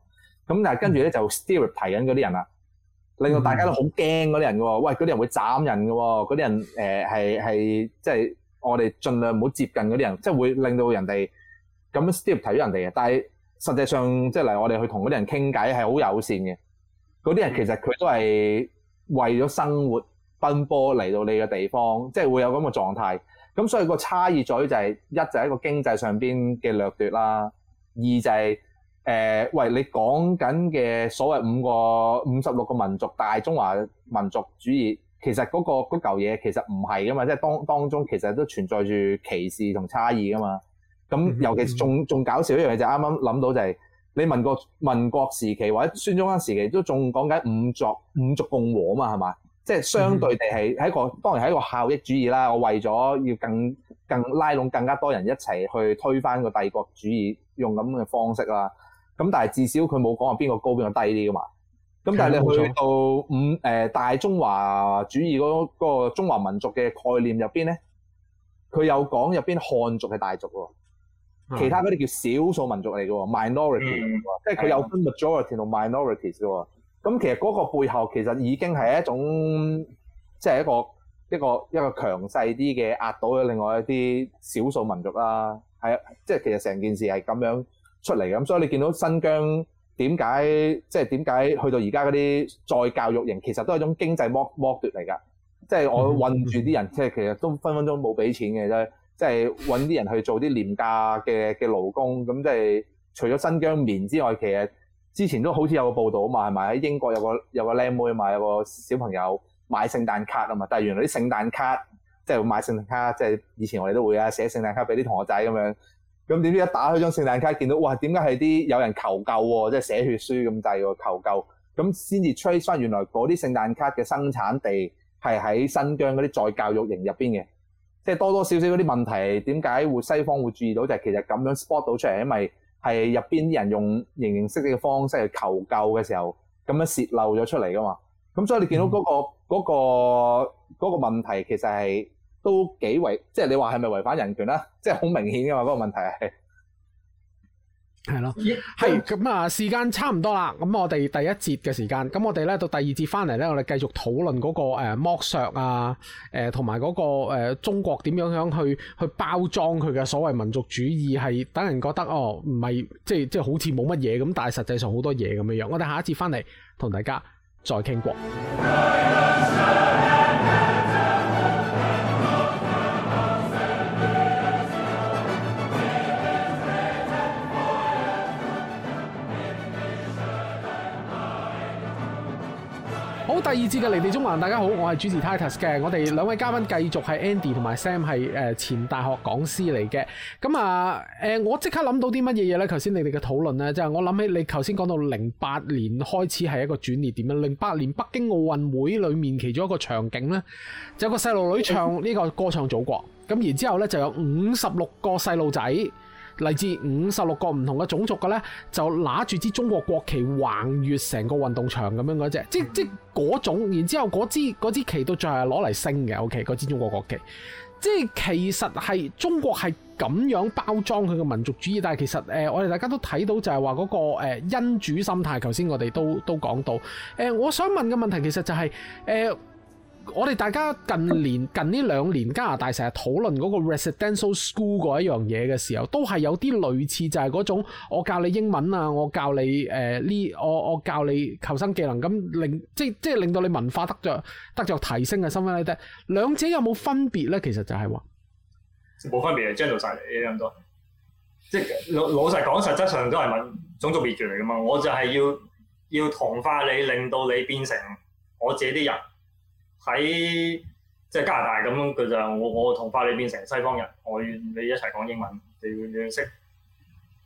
咁但係跟住咧就 still 提緊嗰啲人啦，令到大家都好驚嗰啲人喎，喂嗰啲人會斬人嘅喎，嗰啲人係、呃、即係。我哋盡量唔好接近嗰啲人，即係會令到人哋咁樣 step 睇咗人哋嘅。但係實際上，即係嚟我哋去同嗰啲人傾偈係好友善嘅。嗰啲人其實佢都係為咗生活奔波嚟到你嘅地方，即係會有咁嘅狀態。咁所以個差異在於就係、是、一就係一個經濟上邊嘅掠奪啦，二就係、是、誒、呃、喂，你講緊嘅所謂五個五十六個民族大中華民族主義。其實嗰個嗰嚿嘢其實唔係噶嘛，即係當當中其實都存在住歧視同差異噶嘛。咁尤其是仲仲搞笑一樣嘢就啱啱諗到，就係你民國民國時期或者孫中山時期都仲講緊五族五族共和啊嘛，係嘛？即係相對地係喺個、嗯、當然係一個效益主義啦。我為咗要更更拉攏更加多人一齊去推翻個帝國主義，用咁嘅方式啦。咁但係至少佢冇講話邊個高邊個低啲噶嘛。咁但係你去到五誒大中華主義嗰個中華民族嘅概念入邊咧，佢有講入邊漢族嘅大族喎，其他嗰啲叫少數民族嚟嘅喎，minority，、嗯、即係佢有分 majority 同 minorities 嘅喎。咁其實嗰個背後其實已經係一種即係、就是、一個一個一個強勢啲嘅壓倒咗另外一啲少數民族啦。係啊，即係其實成件事係咁樣出嚟嘅。咁所以你見到新疆。點解即係點解去到而家嗰啲再教育營，其實都係一種經濟剝剝奪嚟㗎。即係我韞住啲人，即係其實都分分鐘冇俾錢嘅啫。即係揾啲人去做啲廉價嘅嘅勞工。咁即係除咗新疆棉之外，其實之前都好似有個報道啊嘛，係咪？喺英國有個有個靚妹嘛，有，個小，有個小朋友買聖誕卡啊嘛。但係原來啲聖誕卡即係買聖誕卡，即係以前我哋都會啊，寫聖誕卡俾啲同學仔咁樣。咁點知一打開張聖誕卡，見到哇，點解係啲有人求救喎、啊，即係寫血書咁滯喎，求救，咁先至 trace 返原來嗰啲聖誕卡嘅生產地係喺新疆嗰啲再教育營入邊嘅，即係多多少少嗰啲問題點解會西方會注意到，就係、是、其實咁樣 spot 到出嚟，因為係入邊啲人用形形式式嘅方式去求救嘅時候，咁樣洩漏咗出嚟噶嘛，咁所以你見到嗰、嗰個嗰、嗯嗰個嗰、嗰個嗰個問題其實係。都幾違，即係你話係咪違反人權啦？即係好明顯嘅嘛，嗰個問題係。係咯，係咁啊，時間差唔多啦。咁我哋第一節嘅時間，咁我哋咧到第二節翻嚟咧，我哋繼續討論嗰個誒剝削啊，誒同埋嗰個誒中國點樣樣去去包裝佢嘅所謂民族主義，係等人覺得哦唔係，即係即係好似冇乜嘢咁，但係實際上好多嘢咁樣樣。我哋下一節翻嚟同大家再傾過。第二節嘅離地縱橫，大家好，我係主持 Titus 嘅。我哋兩位嘉賓繼續係 Andy 同埋 Sam，係前大學講師嚟嘅。咁啊、呃，我即刻諗到啲乜嘢嘢呢？頭先你哋嘅討論呢，就係、是、我諗起你頭先講到零八年開始係一個轉捩點啦。零八年北京奧運會裏面其中一個場景呢，就有、是、個細路女唱呢個歌唱祖國。咁然之後呢，就有五十六個細路仔。嚟自五十六個唔同嘅種族嘅呢，就拿住支中國國旗橫越成個運動場咁樣嗰隻，即即嗰種。然之後嗰支嗰支旗到最後係攞嚟升嘅，O K，嗰支中國國旗。即其實係中國係咁樣包裝佢嘅民族主義，但係其實、呃、我哋大家都睇到就係話嗰個、呃、恩主心態。頭先我哋都都講到、呃、我想問嘅問題其實就係、是、誒。呃.我哋大家近年近呢兩年加拿大成日討論嗰個 residential school 嗰一樣嘢嘅時候，都係有啲類似就係嗰種我教你英文啊，我教你誒呢、呃，我我教你求生技能咁令即係即係令到你文化得着得着提升嘅身份咧，兩者有冇分別咧？其實就係話冇分別嘅，將到曬嚟嘅咁多，即係老老實講，實質上都係問種族滅絕嚟噶嘛。我就係要要同化你，令到你變成我自己啲人。喺即係加拿大咁樣，佢就我我同化你變成西方人，我要你一齊講英文，你要你要識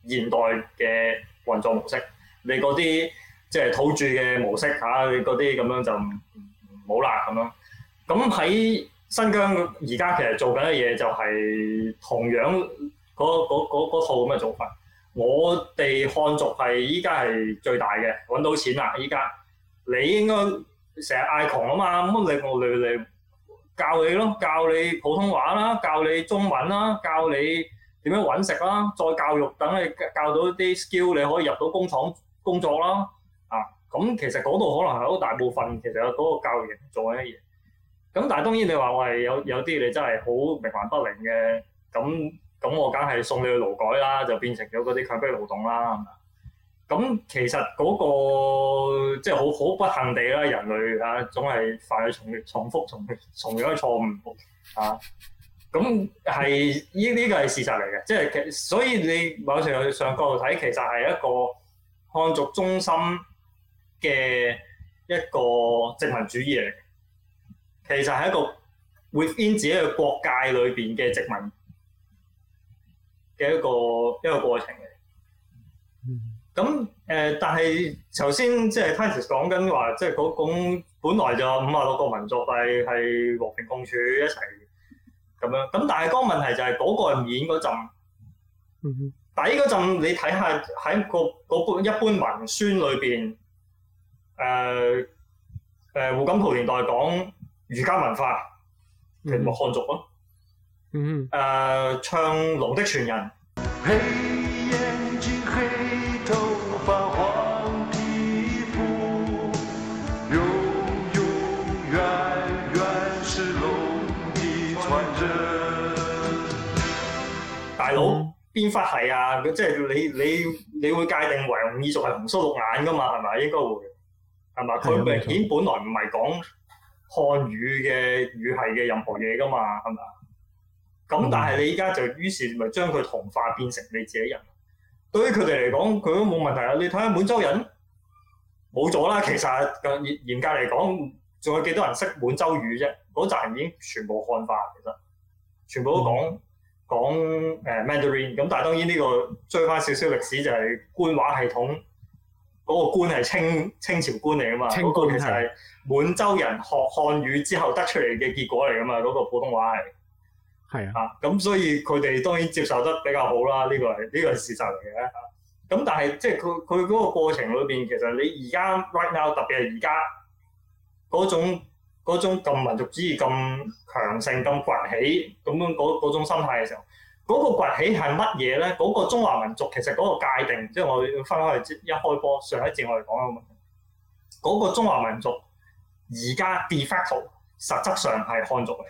現代嘅運作模式，你嗰啲即係土著嘅模式嚇，你嗰啲咁樣就唔好啦咁樣。咁喺新疆而家其實做緊嘅嘢就係同樣嗰套咁嘅做法。我哋漢族係依家係最大嘅，搵到錢啦依家。你應該。成日嗌窮啊嘛，咁我嚟嚟嚟教你咯，教你普通話啦，教你中文啦，教你點樣揾食啦，再教育等你教到啲 skill 你可以入到工廠工作啦，啊，咁其實嗰度可能係好大部分，其實係嗰個教育嘅做嘅嘢。咁但係當然你話我係有有啲你真係好冥頑不靈嘅，咁咁我梗係送你去勞改啦，就變成咗嗰啲強迫勞動啦。咁其實、嗰個即係好好不幸地啦，人類啊總係犯咗重重複重重樣嘅錯誤啊！咁係呢呢個係事實嚟嘅，即係其所以你某程度上角度睇，其實係一個漢族中心嘅一個殖民主義嚟嘅，其實係一個 within 自己嘅國界裏邊嘅殖民嘅一個一個過程。咁、呃、但係頭先即係 Titus 講緊話，即係嗰本來就五啊六個民族係係和平共處一齊咁樣。咁但係個問題就係嗰個演嗰陣，嗯哼，底嗰陣你睇下喺個一般文宣裏面，誒、呃呃、胡錦濤年代講儒家文化，係、嗯、漢族咯、啊，嗯哼、呃，唱《龍的傳人》。嘿大佬邊忽係啊？即係你你你會界定為維吾爾族係紅鬚綠眼噶嘛？係咪應該會係咪？佢明顯本來唔係講漢語嘅語系嘅任何嘢噶嘛？係咪啊？咁但係你依家就於是咪將佢同化變成你自己人？對於佢哋嚟講，佢都冇問題啦。你睇下滿洲人冇咗啦。其實嚴嚴格嚟講。仲有幾多人識滿洲語啫？嗰扎人已經全部漢化，其實全部都講、嗯、講誒 Mandarin。咁但係當然呢個追翻少少歷史，就係官話系統嗰、嗰個官係清清朝官嚟噶嘛？清官係、嗰個、滿洲人學漢語之後得出嚟嘅結果嚟噶嘛？嗰、嗰個普通話係係啊，咁、啊、所以佢哋當然接受得比較好啦。呢、呢個係呢、呢個係事實嚟嘅。咁、啊、但係即係佢佢嗰個過程裏邊，其實你而家 right now 特別係而家。嗰種咁民族主義，咁強盛，咁崛起咁樣嗰嗰種心態嘅時候，嗰個崛起係乜嘢咧？嗰個中華民族其實嗰個界定，即係我返返去，一開波上一節我哋講嘅問題，嗰個中華民族而家 de facto 實質上係漢族嚟，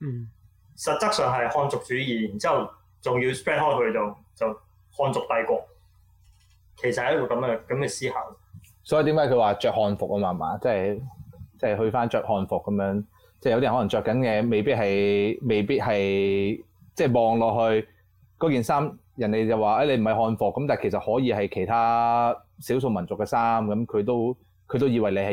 嗯，實質上係漢族主義，然之後仲要 spread 開去就就漢族帝國，其實係一個咁嘅咁嘅思考。所以點解佢話着漢服啊嘛嘛，即係即係去翻着漢服咁樣，即係有啲人可能着緊嘅未必係未必係即係望落去嗰件衫，人哋就話，誒你唔係漢服，咁但係其實可以係其他少數民族嘅衫，咁佢都佢都以為你係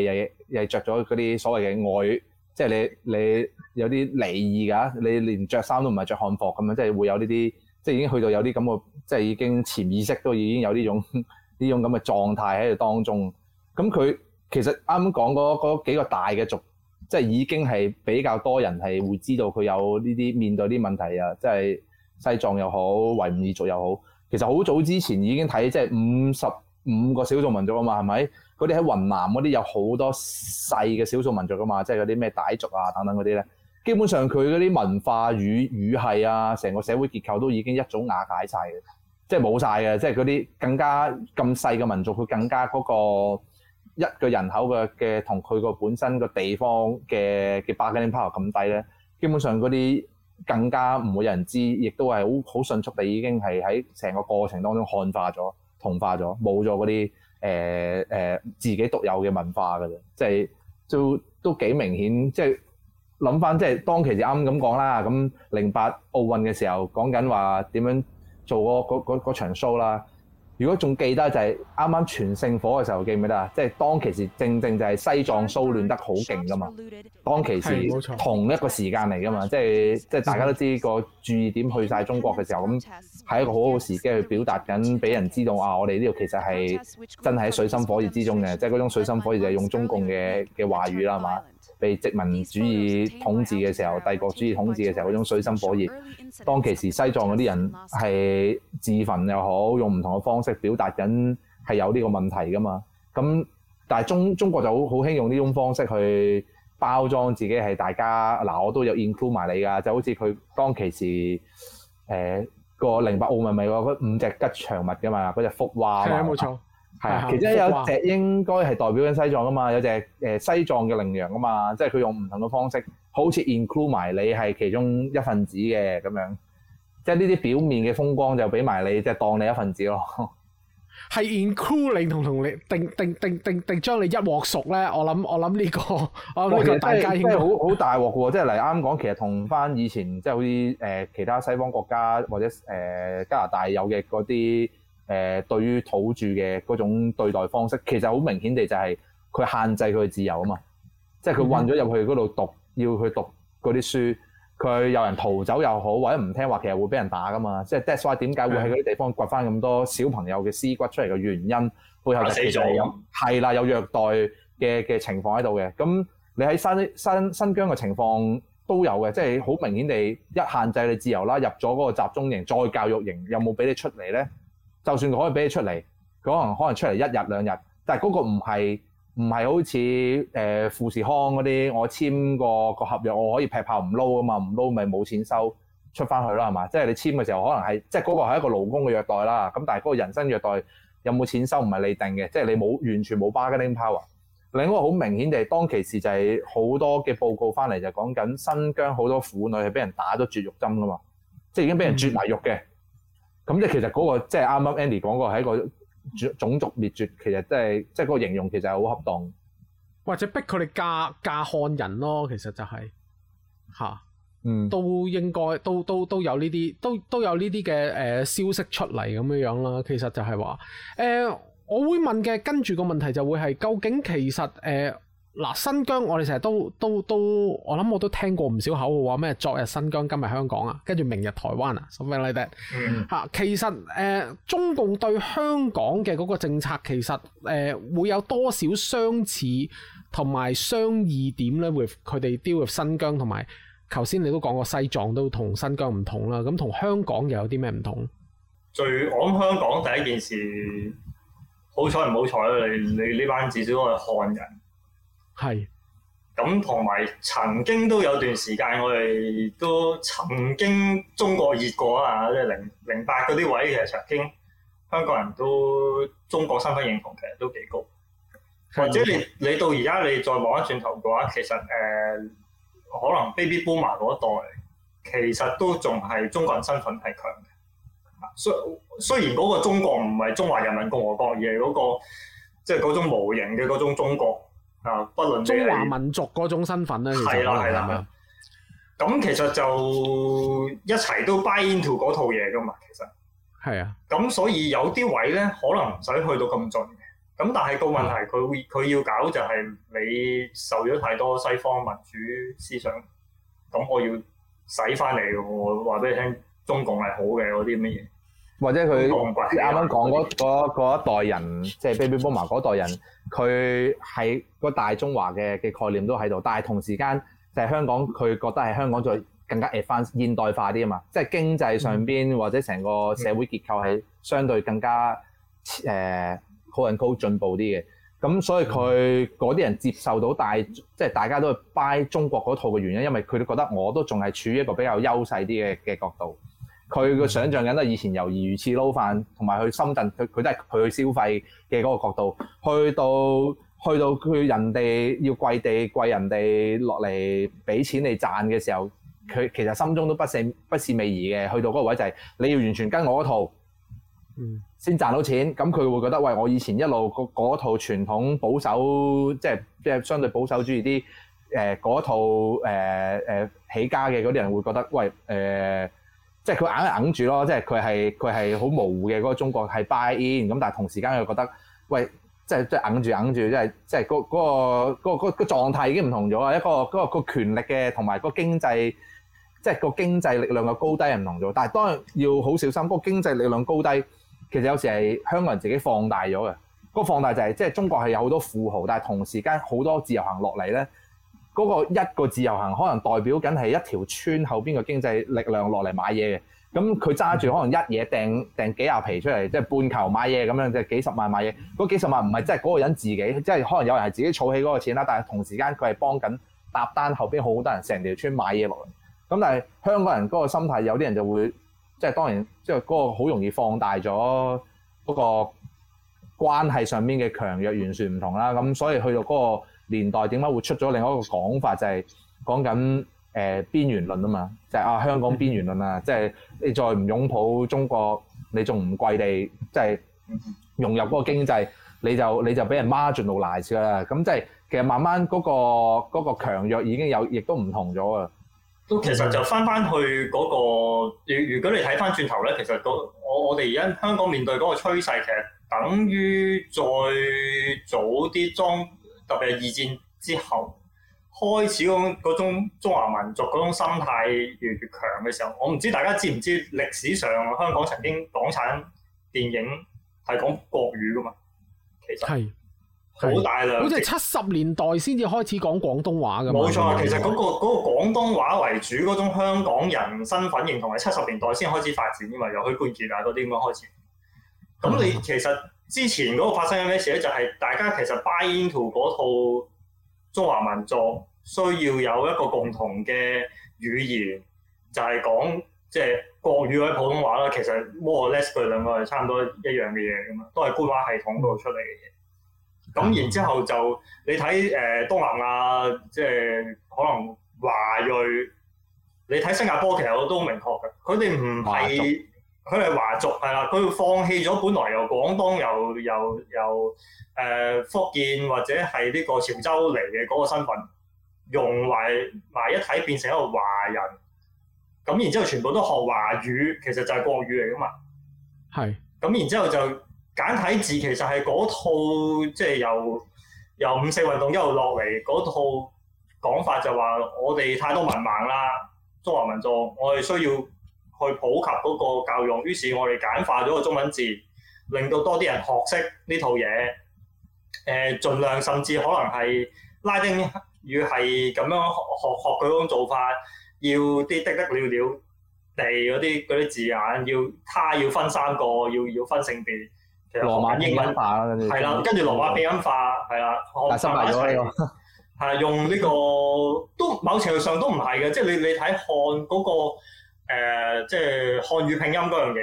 係係著咗嗰啲所謂嘅外，即係你你有啲離異㗎，你連着衫都唔係着漢服咁樣，即係會有呢啲，即係已經去到有啲咁嘅，即係已經潛意識都已經有呢種呢種咁嘅狀態喺度當中。咁佢其實啱啱講嗰嗰幾個大嘅族，即係已經係比較多人係會知道佢有呢啲面對啲問題啊！即係西藏又好，維吾爾族又好，其實好早之前已經睇，即係五十五個少數民族啊嘛，係咪？佢哋喺雲南嗰啲有好多細嘅少數民族噶嘛，即係嗰啲咩傣族啊等等嗰啲咧，基本上佢嗰啲文化與語、語系啊，成個社會結構都已經一早瓦解晒嘅，即係冇晒嘅，即係嗰啲更加咁細嘅民族，佢更加嗰個一個人口嘅嘅同佢個本身個地方嘅嘅 background power 咁低咧，基本上嗰啲更加唔會有人知，亦都係好好迅速地已經係喺成個過程當中漢化咗、同化咗，冇咗嗰啲誒誒自己獨有嘅文化㗎啦，即係都都幾明顯。即係諗翻，即係當其時啱咁講啦，咁零八奧運嘅時候講緊話點樣做個嗰嗰嗰場 show 啦。如果仲記得就係啱啱傳聖火嘅時候，記唔記得啊？即係當其時正正就係西藏騷亂得好勁噶嘛，當其時同一個時間嚟噶嘛，即係即係大家都知個注意點去晒中國嘅時候，咁係一個好好時機去表達緊，俾人知道啊！我哋呢度其實係真係喺水深火熱之中嘅，即係嗰種水深火熱就係用中共嘅嘅話語啦，係嘛？被殖民主義統治嘅時候，帝國主義統治嘅時候，嗰種水深火熱。當其時西藏嗰啲人係自焚又好，用唔同嘅方式表達緊係有呢個問題㗎嘛。咁但係中中國就好好興用呢種方式去包裝自己係大家嗱、啊，我都有 include 埋你㗎，就好似佢當其時誒、呃那個零八奧運咪嗰五隻吉祥物㗎嘛，嗰隻福娃嘛，有冇錯？係啊，其中有一隻應該係代表緊西藏吖嘛，有隻誒西藏嘅羚羊吖嘛，即係佢用唔同嘅方式，好似 include 埋你係其中一份子嘅咁樣，即係呢啲表面嘅風光就俾埋你，即係當你一份子咯。係 include 你同同你定定定定定，定將你一鑊熟咧，我諗我諗呢、呢個我諗大家應該好好大鑊嘅喎，即係嚟啱講，其實同翻以前即係好似誒其他西方國家或者誒加拿大有嘅嗰啲。誒對於土著嘅嗰種對待方式，其實好明顯地就係佢限制佢嘅自由啊嘛，即係佢運咗入去嗰度讀，嗯、要去讀嗰啲書，佢有人逃走又好，或者唔聽話，其實會俾人打噶嘛。即係 That's why 點解會喺嗰啲地方掘翻咁多小朋友嘅屍骨出嚟嘅原因，背後就死咗，係啦，有虐待嘅嘅情況喺度嘅。咁你喺新新新疆嘅情況都有嘅，即係好明顯地一限制你自由啦，入咗嗰個集中營、再教育營，又沒有冇俾你出嚟咧？就算佢可以俾你出嚟，佢可能可能出嚟一日兩日，但係嗰個唔係唔係好似誒、呃、富士康嗰啲，我簽個個合約我可以劈炮唔撈噶嘛，唔撈咪冇錢收出翻去啦係嘛？即係、就是、你簽嘅時候可能係即係嗰個係一個勞工嘅虐待啦，咁但係嗰個人身虐待，有冇錢收唔係你定嘅，即、就、係、是、你冇完全冇 bargaining power。另一個好明顯就係當其時就係好多嘅報告翻嚟就講緊新疆好多婦女係俾人打咗絕育針噶嘛，即、就、係、是、已經俾人絕埋肉嘅。嗯咁即係其實嗰、嗰個即係啱啱 Andy 講過係一個種族滅絕，其實即係即係嗰個形容其實係好恰當，或者逼佢哋嫁嫁漢人咯，其實就係、是、嚇、啊，嗯，都應該都都都有呢啲，都都有呢啲嘅誒消息出嚟咁樣樣啦。其實就係話誒，我會問嘅，跟住個問題就會係究竟其實誒。呃嗱，新疆我，我哋成日都都都，我諗我都聽過唔少口號話咩？昨日新疆，今日香港啊，跟住明日台灣啊，收尾你哋嚇。其實誒、呃，中共對香港嘅嗰個政策，其實誒、呃、會有多少相似同埋相異點咧 With 佢哋 deal with 新疆同埋，頭先你都講過西藏都同新疆唔同啦。咁同香港又有啲咩唔同？最我諗香港第一件事，好彩唔好彩啊！你你呢班至少都係漢人。係，咁同埋曾經都有段時間，我哋都曾經中國熱過啊！即係零零八嗰啲位，其實曾經香港人都中國身份認同，其實都幾高的。或者你你到而家你再望一轉頭嘅話，其實誒、呃，可能 Baby Boomer 嗰一代，其實都仲係中國人身份係強嘅。雖雖然嗰個中國唔係中華人民共和國，而係嗰、嗰個即係嗰種模型嘅嗰種中國。啊！不論中華民族嗰種身份咧，係啦係啦，咁、啊啊啊、其實就一齊都 buy into 嗰套嘢㗎嘛。其實係啊，咁所以有啲位咧可能唔使去到咁盡嘅。咁但係個問題佢，佢佢要搞就係你受咗太多西方民主思想，咁我要洗翻嚟。我話俾你聽，中共係好嘅嗰啲乜嘢。或者佢啱啱講嗰嗰嗰一代人，即係 Baby Boomer 嗰代人，佢係個大中華嘅嘅概念都喺度，但係同時間就係香港，佢覺得係香港再更加誒現代化啲啊嘛，即係經濟上邊、嗯、或者成個社會結構係相對更加誒好人高進進步啲嘅，咁所以佢嗰啲人接受到大，大即係大家都係 buy 中國嗰套嘅原因，因為佢都覺得我都仲係處於一個比較優勢啲嘅嘅角度。佢個想像緊都係以前由魚翅撈飯，同埋去深圳，佢佢都係佢去消費嘅嗰個角度，去到去到佢人哋要跪地跪人哋落嚟俾錢你賺嘅時候，佢其實心中都不勝不是味兒嘅。去到嗰個位就係你要完全跟我嗰套，先賺到錢。咁佢會覺得，喂，我以前一路嗰嗰套傳統保守，即係即係相對保守主義啲，誒嗰套誒誒起家嘅嗰啲人會覺得，喂，誒。即係佢硬係硬住咯，即係佢係佢係好模糊嘅嗰個中國係 buy in，咁但係同時間佢覺得，喂，即係即係硬住硬住，即係即係嗰嗰個嗰嗰嗰個嗰個嗰個狀態已經唔同咗啊！一個嗰個個權力嘅同埋個經濟，即係個經濟力量嘅高低係唔同咗。但係當然要好小心，個經濟力量高低其實有時係香港人自己放大咗嘅。嗰個放大就係、係、即係中國係有好多富豪，但係同時間好多自由行落嚟咧。嗰個一個自由行可能代表緊係一條村後邊嘅經濟力量落嚟買嘢嘅，咁佢揸住可能一嘢掟掟幾廿皮出嚟，即係半球買嘢咁樣，即係幾十萬買嘢。嗰幾十萬唔係即係嗰個人自己，即係可能有人係自己儲起嗰個錢啦，但係同時間佢係幫緊搭單後邊好多人成條村買嘢落嚟。咁但係香港人嗰個心態，有啲人就會即係當然，即係嗰個好容易放大咗嗰個關係上面嘅強弱完全唔同啦。咁所以去到嗰個。年代點解會出咗另外一個講法，就係、是、講緊誒、呃、邊緣論啊嘛，就係、是、啊香港邊緣論啊，即、就、係、是、你再唔擁抱中國，你仲唔跪地，即、就、係、是、融入嗰個經濟，你就你就俾人 marginalize 㗎啦。咁即係其實慢慢嗰、那個嗰、那個、強弱已經有，亦都唔同咗啊。都其實就翻翻去嗰、那個，如如果你睇翻轉頭咧，其實我我哋而家香港面對嗰個趨勢，其實等於再早啲裝。特別二戰之後開始嗰種中華民族嗰種心態越越強嘅時候，我唔知道大家知唔知歷史上香港曾經港產電影係講國語噶嘛？其實係好大量，好似七十年代先至開始講廣東話噶冇錯，其實嗰、那個嗰、那個廣東話為主嗰種香港人身份認同，係七十年代先開始發展，因為由許冠傑啊嗰啲咁樣開始。咁你其實～、嗯之前嗰個發生緊咩事咧？就係、是、大家其實 buy into 嗰套中華民族需要有一個共同嘅語言，就係、是、講即係、就是、國語或者普通話啦。其實 more or less 佢兩個係差唔多一樣嘅嘢噶嘛，都係官話系統度出嚟嘅嘢。咁然之後就你睇誒、呃、東南亞，即、就、係、是、可能華裔，你睇新加坡其實我都明確嘅，佢哋唔係。佢係華族係啦，佢要放棄咗本來由廣東由、由、由、誒福建或者係呢個潮州嚟嘅嗰個身份，融為埋一體變成一個華人。咁然之後全部都學華語，其實就係國語嚟㗎嘛。係。咁然之後就簡體字，其實係嗰套即係、就是、由、由五四運動一路落嚟嗰套講法，就話我哋太多文盲啦，中華民族我哋需要。去普及嗰個教育，於是我哋簡化咗個中文字，令到多啲人學識呢套嘢。誒，儘量甚至可能係拉丁語係咁樣學學佢嗰種做法，要啲得得了了地嗰啲啲字眼，要他要分三個，要要分性別。其實羅馬英文化啦，啦，跟住羅馬拼音化係啦，漢化咗係啊，用呢、這個 都某程度上都唔係嘅，即係你你睇漢嗰、那個。誒、呃，即係漢語拼音嗰樣嘢。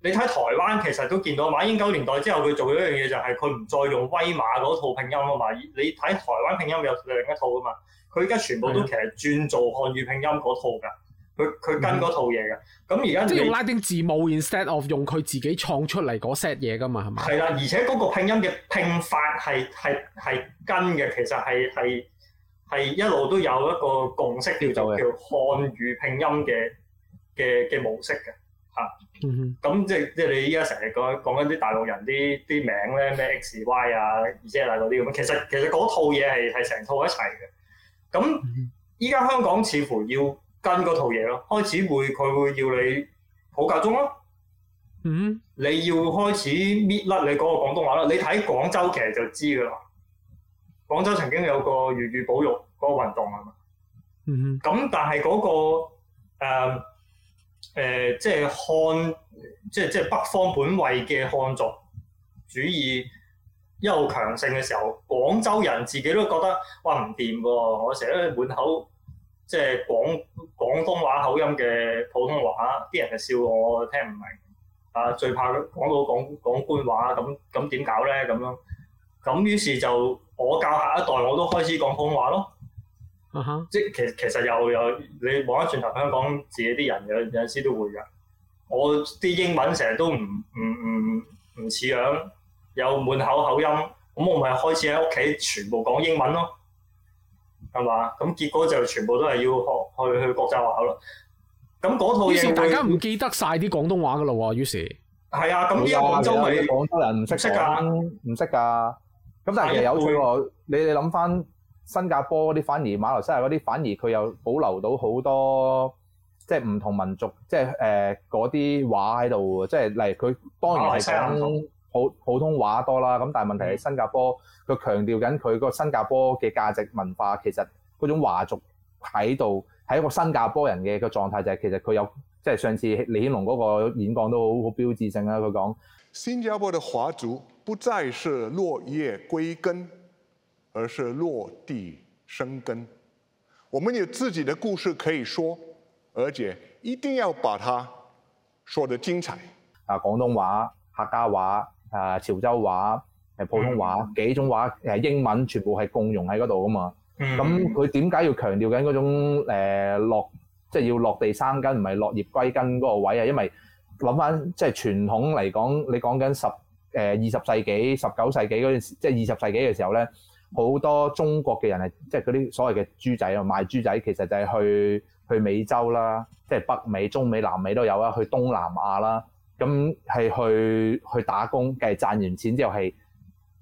你睇台灣其實都見到，馬英九年代之後，佢做咗一樣嘢，就係佢唔再用威馬嗰套拼音啊嘛。你睇台灣拼音有另一套啊嘛？佢而家全部都其實轉做漢語拼音嗰套㗎。佢佢跟嗰套嘢㗎。咁而家即係用拉丁字母，instead of 用佢自己創出嚟嗰 set 嘢㗎嘛？係咪？係啦，而且嗰個拼音嘅拼法係係係跟嘅，其實係係係一路都有一個共識，叫做叫漢語拼音嘅。嘅嘅模式嘅，嚇、啊，咁、mm -hmm. 即係即係你依家成日講講緊啲大陸人啲啲名咧咩 X Y 啊，二姐啊嗰啲咁，其實其實嗰套嘢係係成套在一齊嘅。咁依家香港似乎要跟嗰套嘢咯，開始會佢會要你普教中咯，嗯、mm -hmm.，你要開始搣甩你嗰個廣東話啦，你睇廣州其實就知噶啦，廣州曾經有個粵語保育嗰個運動啊嘛、mm -hmm. 那個，嗯哼，咁但係嗰個誒、呃，即係漢，即係即係北方本位嘅漢族主義一路強盛嘅時候，廣州人自己都覺得哇唔掂喎！我成日都滿口即係廣廣東話口音嘅普通話，啲人就笑我，我聽唔明啊！最怕講到講講官話咁咁點搞咧咁樣，咁於是就我教下一代我都開始講普通話咯。Uh -huh. 即係其實其實又有，有你望一轉頭香港自己啲人有有陣時都會嘅，我啲英文成日都唔唔唔唔似樣，有滿口口音，咁我咪開始喺屋企全部講英文咯，係嘛？咁結果就全部都係要學去去，去國際化口音。咁嗰套嘢，大家唔記得晒啲廣東話噶啦喎。於是係啊，咁呢廣州咪廣州人唔識唔識唔識㗎。咁但係其實有趣喎，你哋諗翻。新加坡啲反而馬來西亞嗰啲反而佢又保留到好多即係唔同民族，即係誒嗰啲話喺度，即係例如佢當然係講普普通話多啦，咁但係問題係新加坡佢強調緊佢個新加坡嘅價值文化，其實嗰種華族喺度喺一個新加坡人嘅個狀態，就係其實佢有，即係上次李顯龍嗰個演講都好好標誌性啦，佢講新加坡嘅華族不再是落葉歸根。而是落地生根，我們有自己的故事可以說，而且一定要把它說得精彩。啊，廣東話、客家話、啊潮州話、普通話、嗯、幾種話、英文全部係共融喺嗰度噶嘛。咁佢點解要強調緊嗰種、呃、落，即、就、係、是、要落地生根，唔係落葉歸根嗰個位啊？因為諗翻即係傳統嚟講，你講緊十誒二十世紀十九世紀嗰陣時即係二十世紀嘅時候咧。好多中國嘅人係即係嗰啲所謂嘅豬仔啊，賣豬仔其實就係去去美洲啦，即係北美、中美、南美都有啦，去東南亞啦，咁係去去打工，繼賺完錢之後係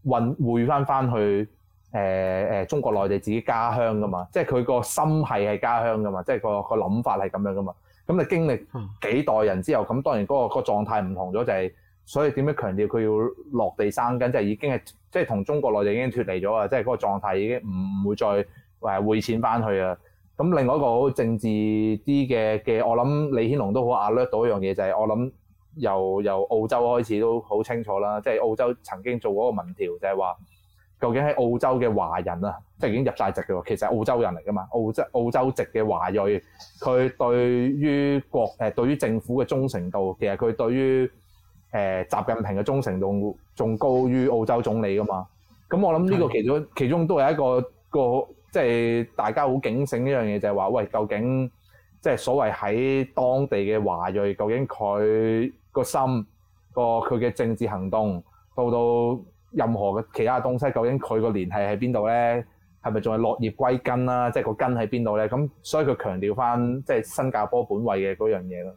運匯返返去誒、呃、中國內地自己家鄉噶嘛，即係佢個心係喺家鄉噶嘛，即係個個諗法係咁樣噶嘛，咁就經歷幾代人之後，咁當然嗰、嗰個、嗰個狀態唔同咗就係、係。所以點樣強調佢要落地生根，即係已經係即係同中國內地已經脱離咗啊！即係嗰個狀態已經唔會再誒匯錢翻去啊。咁另外一個好政治啲嘅嘅，我諗李顯龍都好壓略到一樣嘢，就係我諗由由澳洲開始都好清楚啦。即係澳洲曾經做嗰個民調就，就係話究竟喺澳洲嘅華人啊，即係已經入晒籍嘅，其實澳洲人嚟噶嘛？澳洲澳洲籍嘅華裔，佢對於國誒、呃、對於政府嘅忠誠度，其實佢對於誒習近平嘅忠誠度仲高於澳洲總理噶嘛？咁我諗呢個其中其中都係一個一個即係大家好警醒呢樣嘢，就係話喂，究竟即係所謂喺當地嘅華裔，究竟佢個心個佢嘅政治行動，到到任何嘅其他東西，究竟佢個聯繫喺邊度咧？係咪仲係落葉歸根啦？即係個根喺邊度咧？咁所以佢強調翻即係新加坡本位嘅嗰樣嘢咯。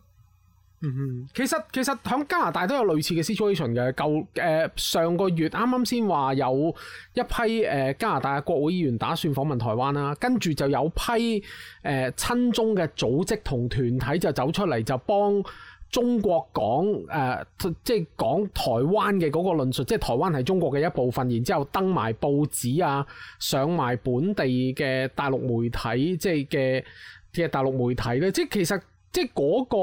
嗯嗯，其實其實響加拿大都有類似嘅 situation 嘅，舊誒、呃。上個月啱啱先話有一批誒、呃、加拿大嘅國會議員打算訪問台灣啦，跟住就有批誒、呃、親中嘅組織同團體就走出嚟就幫中國講誒、呃，即係講台灣嘅嗰個論述，即係台灣係中國嘅一部分，然之後登埋報紙啊，上埋本地嘅大陸媒體，即係嘅即係大陸媒體咧，即係其實。即係嗰個，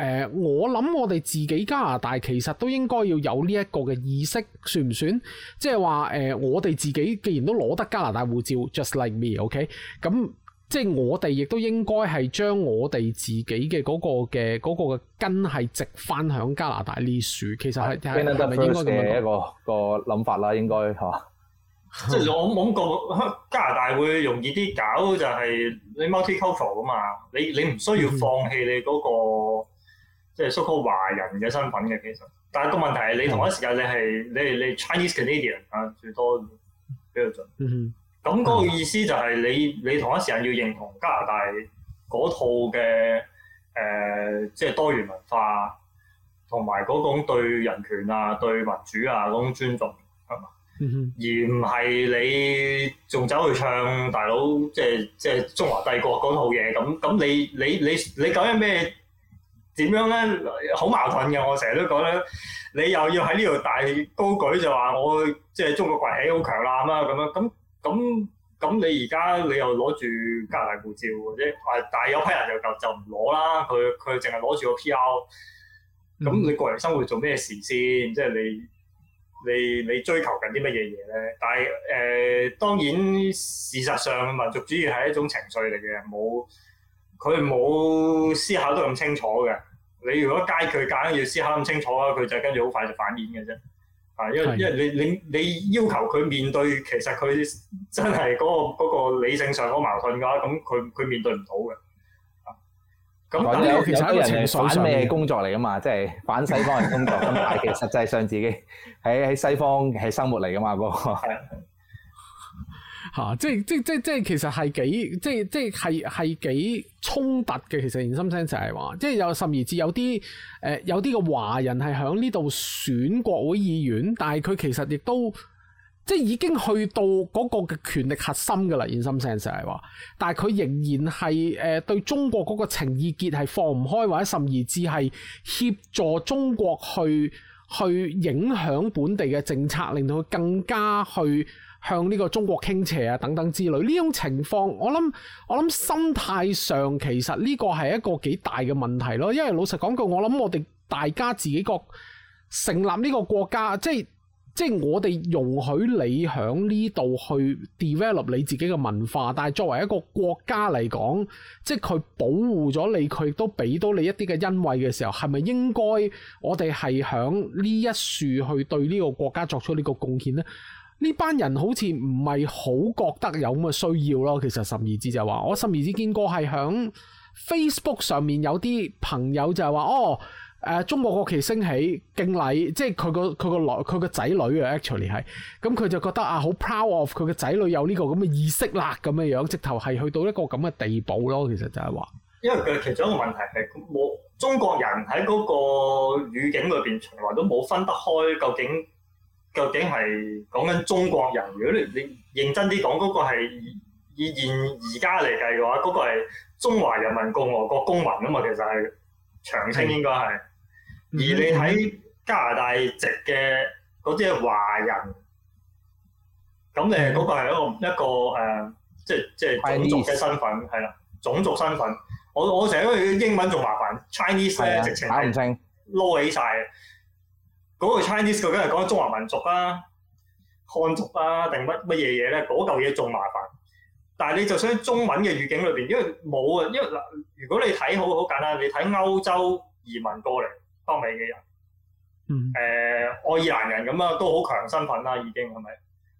誒，我諗我哋自己加拿大其實都應該要有呢一個嘅意識，算唔算？即係話誒，我哋自己既然都攞得加拿大護照，just like me，OK？Okay? 咁即係我哋亦都應該係將我哋自己嘅嗰個嘅嗰個嘅根係植翻喺加拿大呢樹。其實係係咪應該咁樣講？一個一個諗法啦，應該、啊即、嗯、係、就是、我冇諗過加拿大會容易啲搞就係你 multicultural 啊嘛，你你唔需要放棄你嗰、那個、嗯、即係 so-called 華人嘅身份嘅其實，但係個問題係你同一時間你係、嗯、你係你，你 Chinese Canadian 啊最多比較準，咁、嗯、嗰、嗯嗰個意思就係你你同一時間要認同加拿大嗰套嘅誒、呃、即係多元文化，同埋種對人權啊對民主啊嗰種尊重。而唔係你仲走去唱大佬，即係即係中華帝國嗰套嘢，咁咁你你你你究竟咩？點樣咧？好矛盾嘅，我成日都講咧，你又要喺呢度大高舉就話我即係、就是、中國崛起好強啦咁啊咁咁咁你而家你又攞住加拿大護照嘅啫，係但係有批人就就唔攞啦，佢佢淨係攞住個 P.R. 咁你個人生活做咩事先？即、嗯、係、就是、你。你你追求緊啲乜嘢嘢咧？但係、呃、當然事實上民族主義係一種情緒嚟嘅，冇佢冇思考得咁清楚嘅。你如果街佢揀要思考咁清楚啊，佢就跟住好快就反演嘅啫。啊，因為因為你你你要求佢面對，其實佢真係嗰個嗰個理性上好矛盾嘅話，咁佢佢面對唔到嘅。咁、啊、有其他人反咩工作嚟噶嘛，即、就、係、是、反西方嘅工作，咁但係其實實際上自己喺喺西方係生活嚟噶嘛。嗰、啊、個即係即即，即其實係幾即即係衝突嘅。其實言心聲就係話，即係有甚而至有啲誒有啲嘅華人係響呢度選國會議員，但係佢其實亦都。即係已經去到嗰個嘅權力核心㗎啦，現身 sense 係話，但係佢仍然係誒對中國嗰個情意結係放唔開，或者甚而至係協助中國去去影響本地嘅政策，令到佢更加去向呢個中國傾斜啊等等之類。呢種情況，我諗我諗心態上其實呢個係一個幾大嘅問題咯。因為老實講句，我諗我哋大家自己國成立呢個國家，即係。即係我哋容許你喺呢度去 develop 你自己嘅文化，但係作為一個國家嚟講，即係佢保護咗你，佢亦都俾到你一啲嘅恩惠嘅時候，係咪應該我哋係喺呢一樹去對呢個國家作出呢個貢獻呢？呢班人好似唔係好覺得有咁嘅需要咯。其實十二字就係話，我十二字見過係喺 Facebook 上面有啲朋友就係話，哦。誒中國國旗升起敬禮，即係佢個佢個女佢個仔女啊，actually 係咁佢就覺得啊好 proud of 佢個仔女有呢個咁嘅意識啦咁嘅樣，直頭係去到一個咁嘅地步咯。其實就係話，因為佢其中一個問題係冇中國人喺嗰個語境裏邊從來都冇分得開究竟究竟係講緊中國人。如果你你認真啲講嗰個係以現而家嚟計嘅話，嗰、嗰個係中華人民共和國公民啊嘛，其實係長青應該係。嗯而你喺加拿大籍嘅嗰啲華人，咁你嗰個係一個、嗯、一個誒、啊，即係即係種族嘅身份，係啦，種族身份。我我成日因為英文仲麻煩，Chinese 直情係撈起晒。嗰、嗰個 Chinese 究竟係講中華民族啊、漢族啊，定乜乜嘢嘢咧？嗰嚿嘢仲麻煩。但係你就想中文嘅語境裏邊，因為冇啊，因為嗱，如果你睇好，好簡單，你睇歐洲移民過嚟。北美嘅人，誒、嗯呃、愛爾蘭人咁啊，都好強身份啦，已經係咪？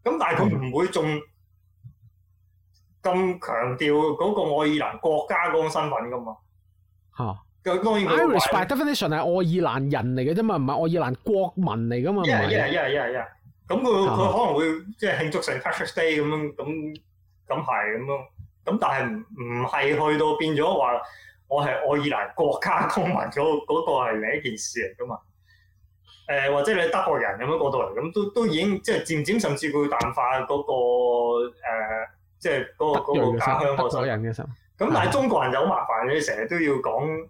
咁但係佢唔會仲咁強調嗰個愛爾蘭國家嗰種身份噶嘛？嚇、啊，當然。Irish by definition 係愛爾蘭人嚟嘅啫嘛，唔係愛爾蘭國民嚟噶嘛？一人一人一人一咁佢佢可能會即係慶祝成 Patrick Day 咁樣咁咁係咁咯。咁但係唔唔係去到變咗話。我係愛爾蘭國家公民嗰嗰、那個係另一件事嚟㗎嘛？誒、呃、或者你德國人咁樣角度嚟咁都都已經即係漸漸甚至會淡化嗰、那個、呃、即係、那、嗰個家個家鄉個身份。咁但係中國人就好麻煩嘅，成日都要講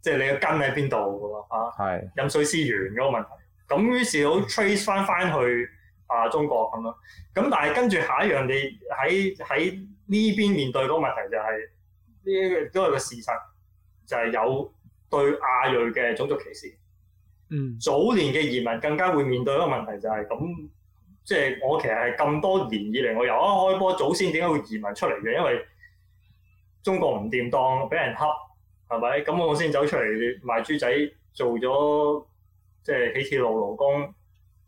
即係你嘅根喺邊度㗎喎嚇。係飲水思源嗰個問題。咁於是好 trace 翻翻去啊中國咁樣。咁但係跟住下一樣，你喺喺呢邊面對嗰個問題就係、是、呢、這個都係個事實。就係、是、有對亞裔嘅種族歧視。嗯，早年嘅移民更加會面對一個問題就係、是、咁，即係、就是、我其實係咁多年以嚟，我由一開波祖先點解會移民出嚟嘅？因為中國唔掂當，俾人恰，係咪？咁我先走出嚟賣豬仔，做咗即係起鐵路勞工，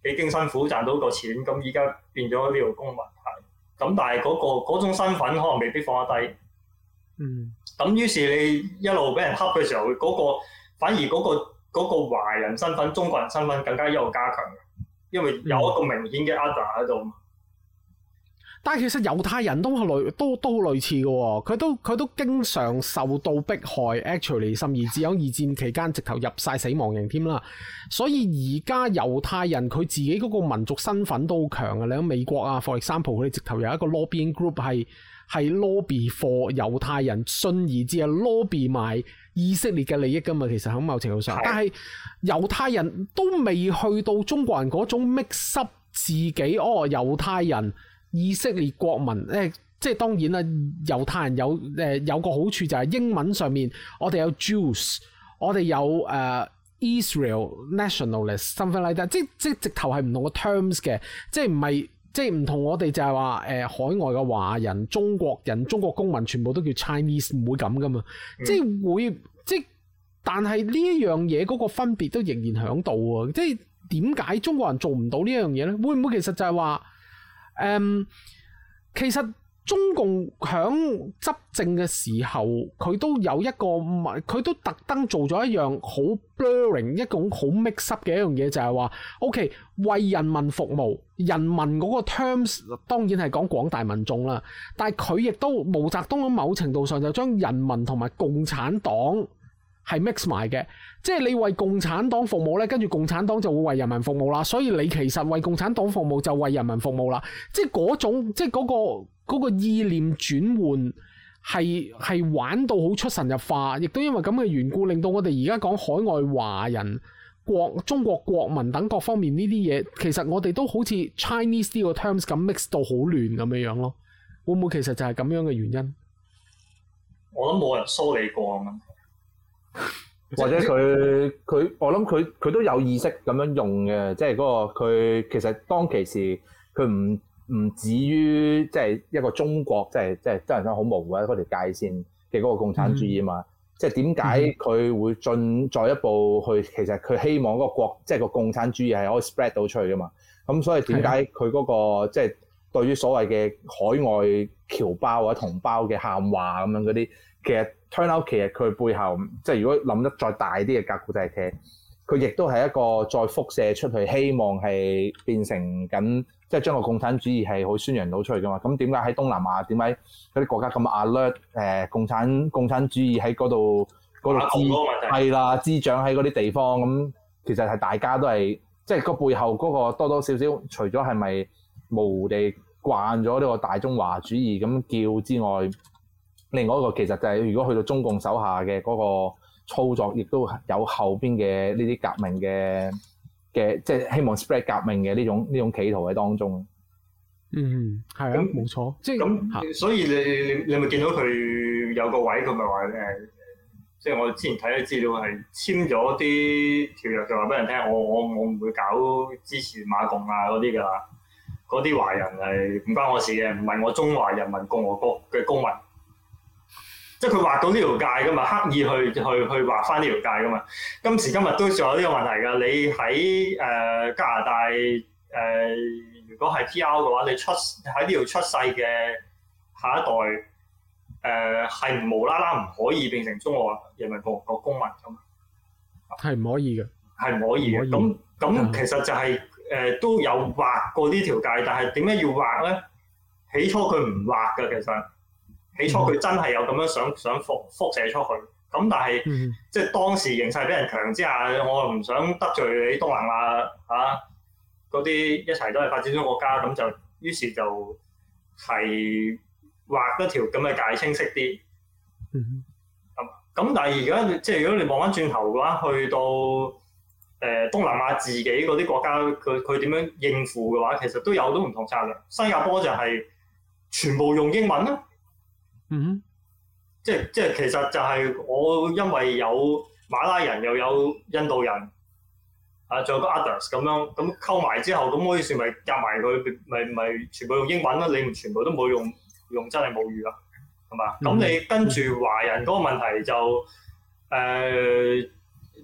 幾經辛苦賺到個錢。咁依家變咗呢個公民，咁但係嗰、那個嗰種身份可能未必放得低。嗯，咁於是你一路俾人恰嘅時候，嗰個反而嗰個嗰個華人身份、中國人身份更加一路加強，因為有一個明顯嘅 other 喺度。但係其實猶太人都係類都都類似嘅，佢都佢都經常受到迫害、actually 甚至有二戰期間直頭入晒死亡營添啦。所以而家猶太人佢自己嗰個民族身份都好強嘅。你諗美國啊，for example 佢哋直頭有一個 lobbying group 係。係 lobby 貨，猶太人信而至係 lobby 賣以色列嘅利益㗎嘛，其實喺某程度上，是但係猶太人都未去到中國人嗰種 mix up 自己哦，猶太人、以色列國民，誒、欸，即係當然啦，猶太人有誒、呃、有個好處就係英文上面我哋有 Juice，我哋，我哋有 Juice 我哋有誒 Israel nationalist，something like that，即即直頭係唔同個 terms 嘅，即係唔係。即係唔同，我哋就係話誒，海外嘅華人、中國人、中國公民全部都叫 Chinese 唔會咁噶嘛，嗯、即係會，即但係呢一樣嘢嗰個分別都仍然喺度喎，即係點解中國人做唔到呢一樣嘢呢？會唔會其實就係話誒，其實。中共響執政嘅時候，佢都有一個唔係，佢都特登做咗一樣好 blurring 一種好 mix 濕嘅一樣嘢，就係、是、話：O.K. 為人民服務，人民嗰個 terms 當然係講廣大民眾啦。但係佢亦都毛澤東喺某程度上就將人民同埋共產黨係 mix 埋嘅，即係你為共產黨服務呢，跟住共產黨就會為人民服務啦。所以你其實為共產黨服務就為人民服務啦。即係嗰種，即係嗰、那個。嗰、那個意念轉換係係玩到好出神入化，亦都因為咁嘅緣故，令到我哋而家講海外華人國、中國國民等各方面呢啲嘢，其實我哋都好似 Chinese 呢個 terms 咁 mix 到好亂咁樣樣咯，會唔會其實就係咁樣嘅原因？我諗冇人梳理過吖嘛、 就是？或者佢佢我諗佢佢都有意識咁樣用嘅，即係嗰個佢其實當其時佢唔。唔至於即係一個中國，即係即係真係都好模糊嗰條界線嘅嗰個共產主義嘛。嗯、即係點解佢會進再一步去？嗯、其實佢希望嗰個國，即係個共產主義係可以 spread 到出去噶嘛。咁所以點解佢嗰個即係對於所謂嘅海外僑胞或者同胞嘅喊話咁樣嗰啲，其實 turn out 其實佢背後即係如果諗得再大啲嘅格局就係其實佢亦都係一個再輻射出去，希望係變成緊。即係將個共產主義係好宣揚到出去噶嘛？咁點解喺東南亞，點解嗰啲國家咁 alert？誒，共產共產主義喺嗰度嗰度支係啦，支長喺嗰啲地方咁，其實係大家都係即係個背後嗰個多多少少，除咗係咪無地慣咗呢個大中華主義咁叫之外，另外一個其實就係如果去到中共手下嘅嗰個操作，亦都有後邊嘅呢啲革命嘅。嘅即係希望 spread 革命嘅呢種呢種企圖喺當中，嗯，係啊，咁冇錯，即係咁，所以你你你咪見到佢有個位，佢咪話誒，即係我之前睇咗資料係簽咗啲條約，就話俾人聽，我我我唔會搞支持馬共啊嗰啲㗎，嗰啲華人係唔關我事嘅，唔係我中華人民共和國嘅公民。即係佢畫到呢條界噶嘛，刻意去去去畫返呢條界噶嘛。今時今日都仲有呢個問題㗎。你喺誒、呃、加拿大誒、呃，如果係 PR 嘅話，你出喺呢度出世嘅下一代誒，係、呃、無啦啦唔可以變成中國人民共和國公民㗎嘛？係唔可以嘅，係唔可以嘅。咁咁其實就係、是、誒、呃、都有畫過呢條界，但係點解要畫咧？起初佢唔畫㗎，其實起初他不的。起初佢真係有咁樣想想輻輻射出去，咁但係、嗯、即係當時形勢比人強之下，我又唔想得罪你東南亞啊嗰啲一齊都係發展中國家，咁就於是就係畫一條咁嘅界清晰啲。咁、嗯啊、但係而家即係如果你望翻轉頭嘅話，去到誒、呃、東南亞自己嗰啲國家，佢佢點樣應付嘅話，其實都有好多唔同策略。新加坡就係全部用英文啦。嗯、mm、哼 -hmm.，即即其實就係我因為有馬拉人又有印度人，啊仲有個 others 咁樣，咁溝埋之後，咁可以算咪夾埋佢咪咪全部用英文啦？你唔全部都冇用用真係母語啦，係嘛？咁你跟住華人嗰個問題就誒、呃、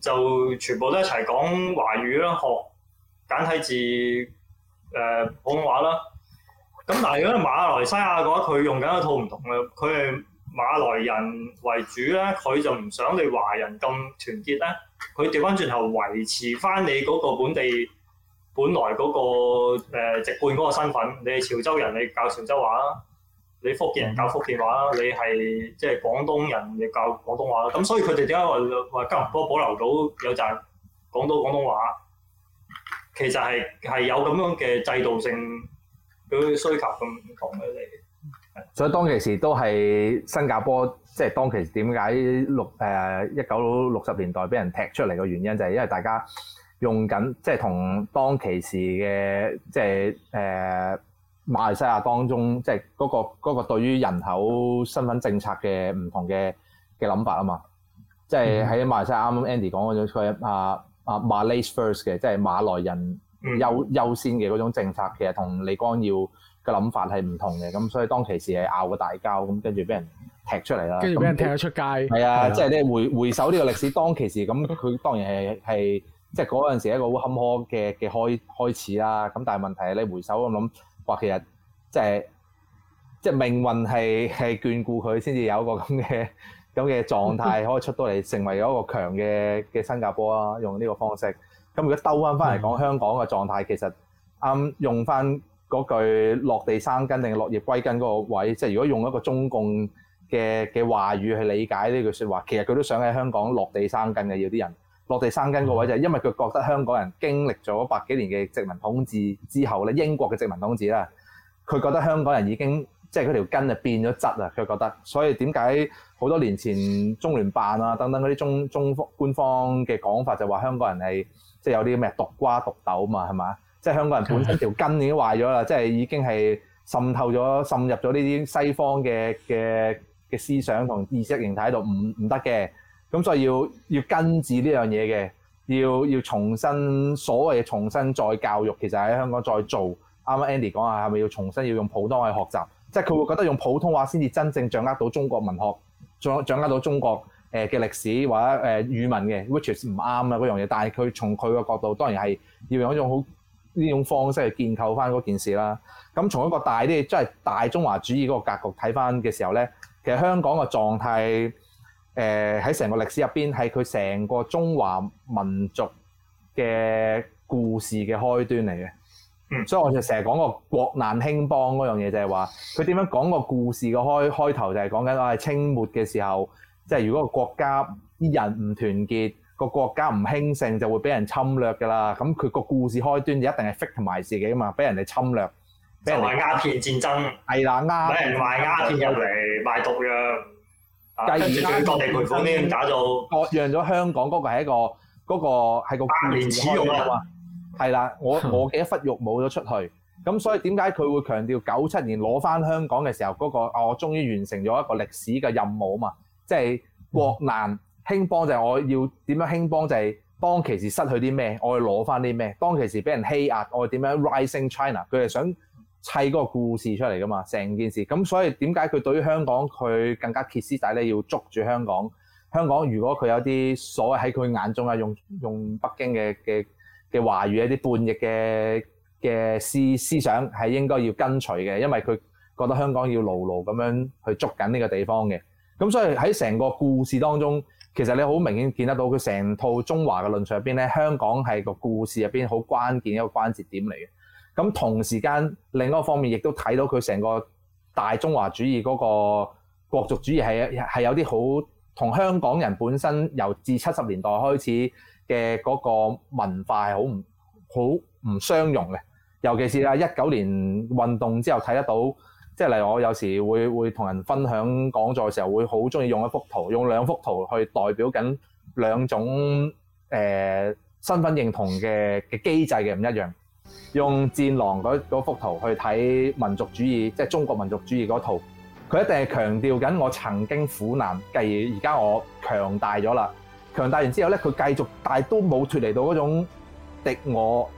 就全部都一齊講華語啦，學簡體字誒普通話啦。咁但係如果馬來西亞嘅話，佢用緊一套唔同嘅，佢係馬來人為主咧，佢就唔想你華人咁團結咧。佢調翻轉頭維持翻你嗰個本地本來嗰個誒籍貫嗰個身份。你係潮州人，你教潮州話啦；你福建人教福建話啦；你係即係廣東人，你教廣東話啦。咁所以佢哋點解話話吉隆坡保留到有就係講到廣東話，其實係係有咁樣嘅制度性。佢需求咁唔同嘅嚟，所以當其時都係新加坡，即係當其時點解六誒一九六十年代俾人踢出嚟嘅原因，就係因為大家用緊即係同當其時嘅即係誒馬來西亞當中，即係嗰個嗰個對於人口身份政策嘅唔同嘅嘅諗法啊嘛，即係喺馬來西亞啱啱 Andy 講嗰種佢啊啊馬 race First 嘅，即係馬來人。就是優優先嘅嗰種政策，其實同李光耀嘅諗法係唔同嘅，咁所以當其時係拗個大交，咁跟住俾人踢出嚟啦。跟住俾人踢咗出街。係啊，即係你回回首呢個歷史， 當其時咁，佢當然係係即係嗰陣時一個好坎坷嘅嘅開開始啦。咁但係問題係你回首咁諗，哇，其實即係即係命運係係眷顧佢先至有一個咁嘅咁嘅狀態，可以出到嚟 成為一個強嘅嘅新加坡啊，用呢個方式。咁如果兜翻翻嚟講香港嘅狀態，其實啱，嗯、用翻嗰句落地生根定落葉歸根嗰個位，即係如果用一個中共嘅嘅話語去理解呢句說話，其實佢都想喺香港落地生根嘅，要啲人落地生根個位就係，嗯、因為，佢覺得香港人經歷咗百幾年嘅殖民統治之後咧，英國嘅殖民統治啦，佢覺得香港人已經即係嗰條根就變咗質啊，佢覺得，所以點解好多年前中聯辦啊等等嗰啲中中方官方嘅講法就話香港人係。即係有啲咩毒瓜毒豆嘛，係嘛？即係香港人本身條根已經壞咗啦， 即係已經係滲透咗、滲入咗呢啲西方嘅嘅嘅思想同意識形態喺度，唔唔得嘅。咁所以要要根治呢樣嘢嘅，要要重新所謂嘅重新再教育，其實喺香港再做。啱啱 Andy 講啊，係咪要重新要用普通去學習，即係佢會覺得用普通話先至真正掌握到中國文學掌握、掌握到中國誒嘅歷史或者誒、呃、語文嘅，which is 唔啱啊嗰樣嘢。但係佢從佢個角度，當然係要用一種好呢種方式去建構翻嗰件事啦。咁、嗯、從一個大啲，即、就、係、是、大中華主義嗰個格局睇翻嘅時候咧，其實香港個狀態，誒喺成個歷史入邊係佢成個中華民族嘅故事嘅開端嚟嘅，嗯。所以我就成日講個國難興邦嗰樣嘢，就係話佢點樣講個故事嘅開開頭，就係講緊我係清末嘅時候。即係如果個國家啲人唔團結，個國家唔興盛，就會俾人侵略㗎啦。咁佢個故事開端就一定係 fit 同埋自己啊嘛，俾人哋侵略，俾人賣鴉片戰爭係啦，俾人賣鴉片入嚟賣毒藥，跟住仲要各地賠款添，打到割讓咗香港嗰個係一個嗰個係個故事開端啊嘛，係啦，我我嘅一忽肉冇咗出去，咁所以點解佢會強調九七年攞翻香港嘅時候嗰個啊？我終於完成咗一個歷史嘅任務啊嘛！即係國難興邦，輕幫就係我要點樣興邦？就係當其時失去啲咩，我要攞翻啲咩。當其時俾人欺壓，我點樣 rising China？佢係想砌嗰個故事出嚟㗎嘛，成件事咁。所以點解佢對於香港佢更加歇斯底里？要捉住香港。香港如果佢有啲所謂喺佢眼中啊，用用北京嘅嘅嘅華語一啲叛逆嘅嘅思思想係應該要跟隨嘅，因為佢覺得香港要牢牢咁樣去捉緊呢個地方嘅。咁所以喺成個故事當中，其實你好明顯見得到佢成套中華嘅論述入邊咧，香港係個故事入邊好關鍵一個關節點嚟嘅。咁同時間另一個方面，亦都睇到佢成個大中華主義嗰個國族主義係係有啲好同香港人本身由至七十年代開始嘅嗰個文化係好唔好唔相容嘅，尤其是啦一九年運動之後睇得到。即係例如我有時會會同人分享講座嘅時候，會好鍾意用一幅圖，用兩幅圖去代表緊兩種誒、呃、身份認同嘅嘅機制嘅唔一樣。用戰狼嗰幅圖去睇民族主義，即係中國民族主義嗰套，佢一定係強調緊我曾經苦難，繼而家我強大咗啦。強大完之後咧，佢繼續，但係都冇脫離到嗰種敵我。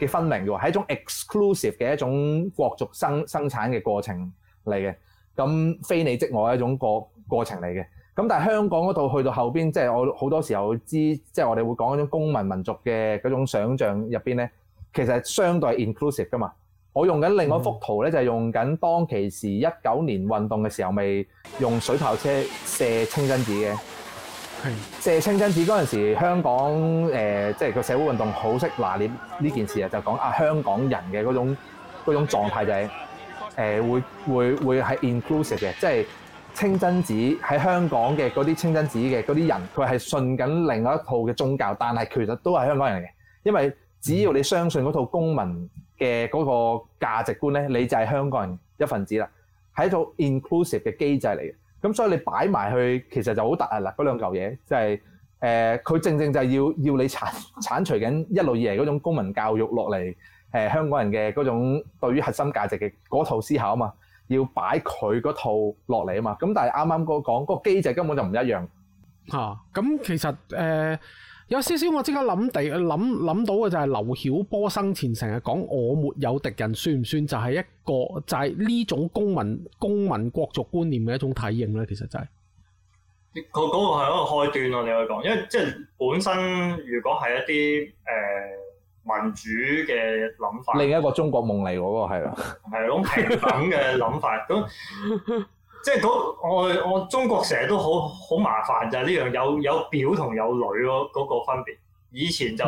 嘅分明喎，係一種 exclusive 嘅一種國族生生產嘅過程嚟嘅，咁非你即我嘅一種過，過程嚟嘅。咁但係香港嗰度去到後面，即係我好多時候知道，即係我哋會講嗰種公民民族嘅嗰種想像入邊咧，其實係相對 inclusive 噶嘛。我用緊另外一幅圖咧，就係用緊當其時一九年運動嘅時候，未用水炮車射清真寺嘅。借清真寺嗰陣時，香港誒、呃、即係個社會運動好識拿捏呢件事就啊，就講啊香港人嘅嗰種嗰種狀態就係、是、誒、呃、會會會係 inclusive 嘅，即係清真寺喺香港嘅嗰啲清真寺嘅嗰啲人，佢係信緊另外一套嘅宗教，但係其實都係香港人嚟嘅，因為只要你相信嗰套公民嘅嗰個價值觀咧，你就係香港人一份子啦，係一套 inclusive 嘅機制嚟嘅。咁所以你擺埋去，其實就好突啊！嗱，嗰兩嚿嘢就係、是、誒，佢、呃、正正就係要要你剷剷除緊一路以嚟嗰種公民教育落嚟，誒、呃、香港人嘅嗰種對於核心價值嘅嗰套思考啊嘛，要擺佢嗰套落嚟啊嘛。咁但係啱啱嗰講嗰個機制、那個、根本就唔一樣嚇。咁、啊、其實誒。呃有少少我即刻諗地諗諗到嘅就係劉曉波生前成日講我沒有敵人，算唔算就係一個就係、是、呢種公民公民國族觀念嘅一種體現咧？其實就係，嗰個係一個開端咯、啊，你可以講，因為即係本身如果係一啲誒、呃、民主嘅諗法，另一個中國夢嚟嗰個係啦，係一種平等嘅諗法咁。 那個即係我我，我中國成日都好好麻煩就係呢樣有有表同有裏咯嗰個分別。以前就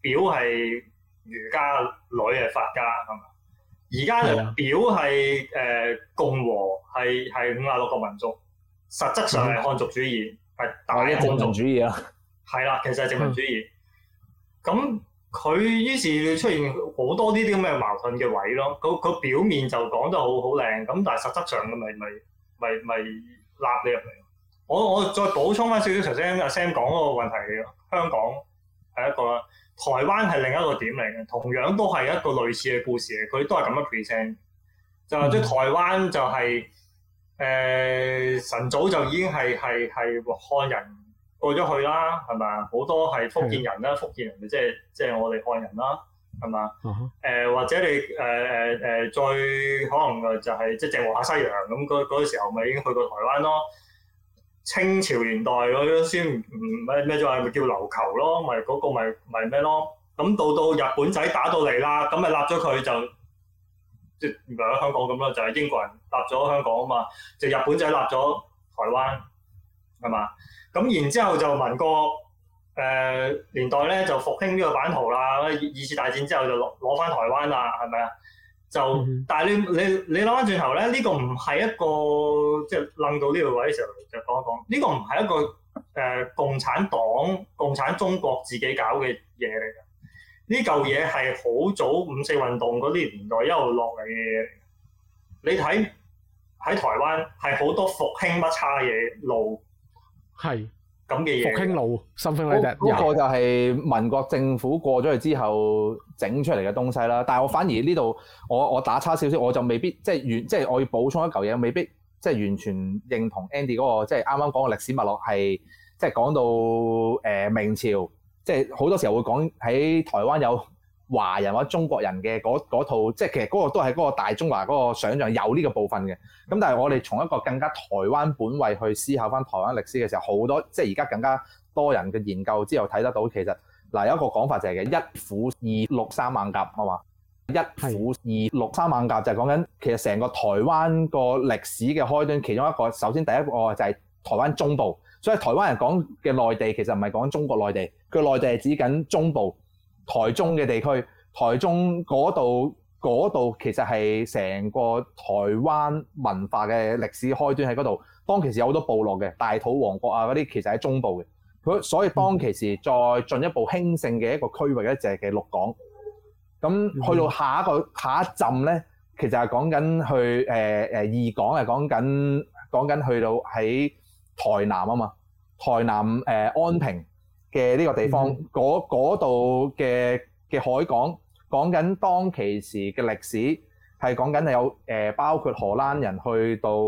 表係儒家，裏係法家，係咪？而家就表係誒、呃、共和，係係五十六個民族，實質上係漢族主義，係、嗯、大漢族主義啊。係 啦，其實係殖民主義。咁、嗯、佢於是出現好多呢啲咁嘅矛盾嘅位咯。佢佢表面就講得好好靚，咁但係實質上嘅咪咪。咪咪納你入嚟。我我再補充翻少少，頭先阿 Sam 講嗰個問題，香港係一個，台灣係另一個點嚟嘅，同樣都係一個類似嘅故事嘅。佢都係咁樣 present，就話即係台灣就係誒晨早就已經係係係漢人過咗去啦，係咪啊？好多係福建人啦，福建人嘅即係即係我哋漢人啦。係嘛？誒、uh -huh. 呃、或者你誒誒誒再可能就係即係鄭和下西洋咁嗰嗰時候咪已經去過台灣咯。清朝年代嗰啲先唔咩咩咗係咪叫琉球咯？咪、那、嗰個咪咪咩咯？咁、就、到、是、到日本仔打到嚟啦，咁咪立咗佢就即係唔係香港咁咯？就係、是、英國人立咗香港啊嘛，就是、日本仔立咗台灣係嘛？咁然之後就民國。誒、uh, 年代咧就復興呢個版圖啦，二次大戰之後就攞攞翻台灣啦，係咪啊？就、mm -hmm. 但係你你你諗翻轉頭咧，呢、這個唔係一個即係愣到呢個位嘅時候就講一講，呢、這個唔係一個誒、呃、共產黨、共產中國自己搞嘅嘢嚟嘅。呢嚿嘢係好早五四運動嗰啲年代一路落嚟嘅嘢嚟。你睇喺台灣係好多復興不差嘅嘢路係。咁嘅嘢復興路新呢一個就係民國政府過咗去之後整出嚟嘅東西啦。但係我反而呢度我我打差少少，我就未必即係、就是、完，即、就、係、是、我要補充一嚿嘢，未必即係、就是、完全認同 Andy 嗰、那個即係啱啱講嘅歷史脈絡，係即係講到誒、呃、明朝，即係好多時候會講喺台灣有。華人或者中國人嘅嗰嗰套，即係其實嗰個都係嗰個大中華嗰個想像有呢個部分嘅。咁但係我哋從一個更加台灣本位去思考翻台灣歷史嘅時候，好多即係而家更加多人嘅研究之後睇得到，其實嗱，有一個講法就係嘅一府二鹿三艋舺好嘛，一府二鹿三艋舺就係講緊其實成個台灣個歷史嘅開端，其中一個首先第一個就係台灣中部。所以台灣人講嘅內地其實唔係講中國內地，佢內地係指緊中部。台中嘅地區，台中嗰度嗰度其實係成個台灣文化嘅歷史開端喺嗰度。當其時有好多部落嘅大肚王國啊嗰啲，其實喺中部嘅。佢所以當其時再進一步興盛嘅一個區域咧，就係嘅鹿港。咁去到下一個下一陣咧，其實係講緊去誒誒、呃、二港，係講緊講緊去到喺台南啊嘛，台南誒、呃、安平。嘅呢個地方，嗰嗰度嘅嘅海港講緊當其時嘅歷史，係講緊有誒包括荷蘭人去到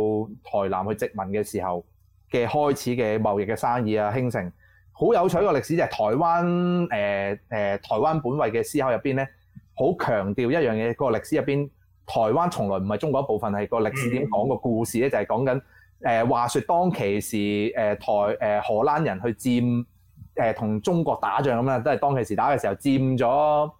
台南去殖民嘅時候嘅開始嘅貿易嘅生意啊興盛，好有趣個個歷史就係、是、台灣誒、呃、台灣本位嘅思考入邊咧，好強調一樣嘢、那個歷史入邊，台灣從來唔係中國一部分，係個歷史點講、嗯那個故事咧，就係、是、講緊誒、呃、話說當其時誒、呃、台、呃、荷蘭人去佔。誒同中國打仗咁樣，都係當其時打嘅時候佔咗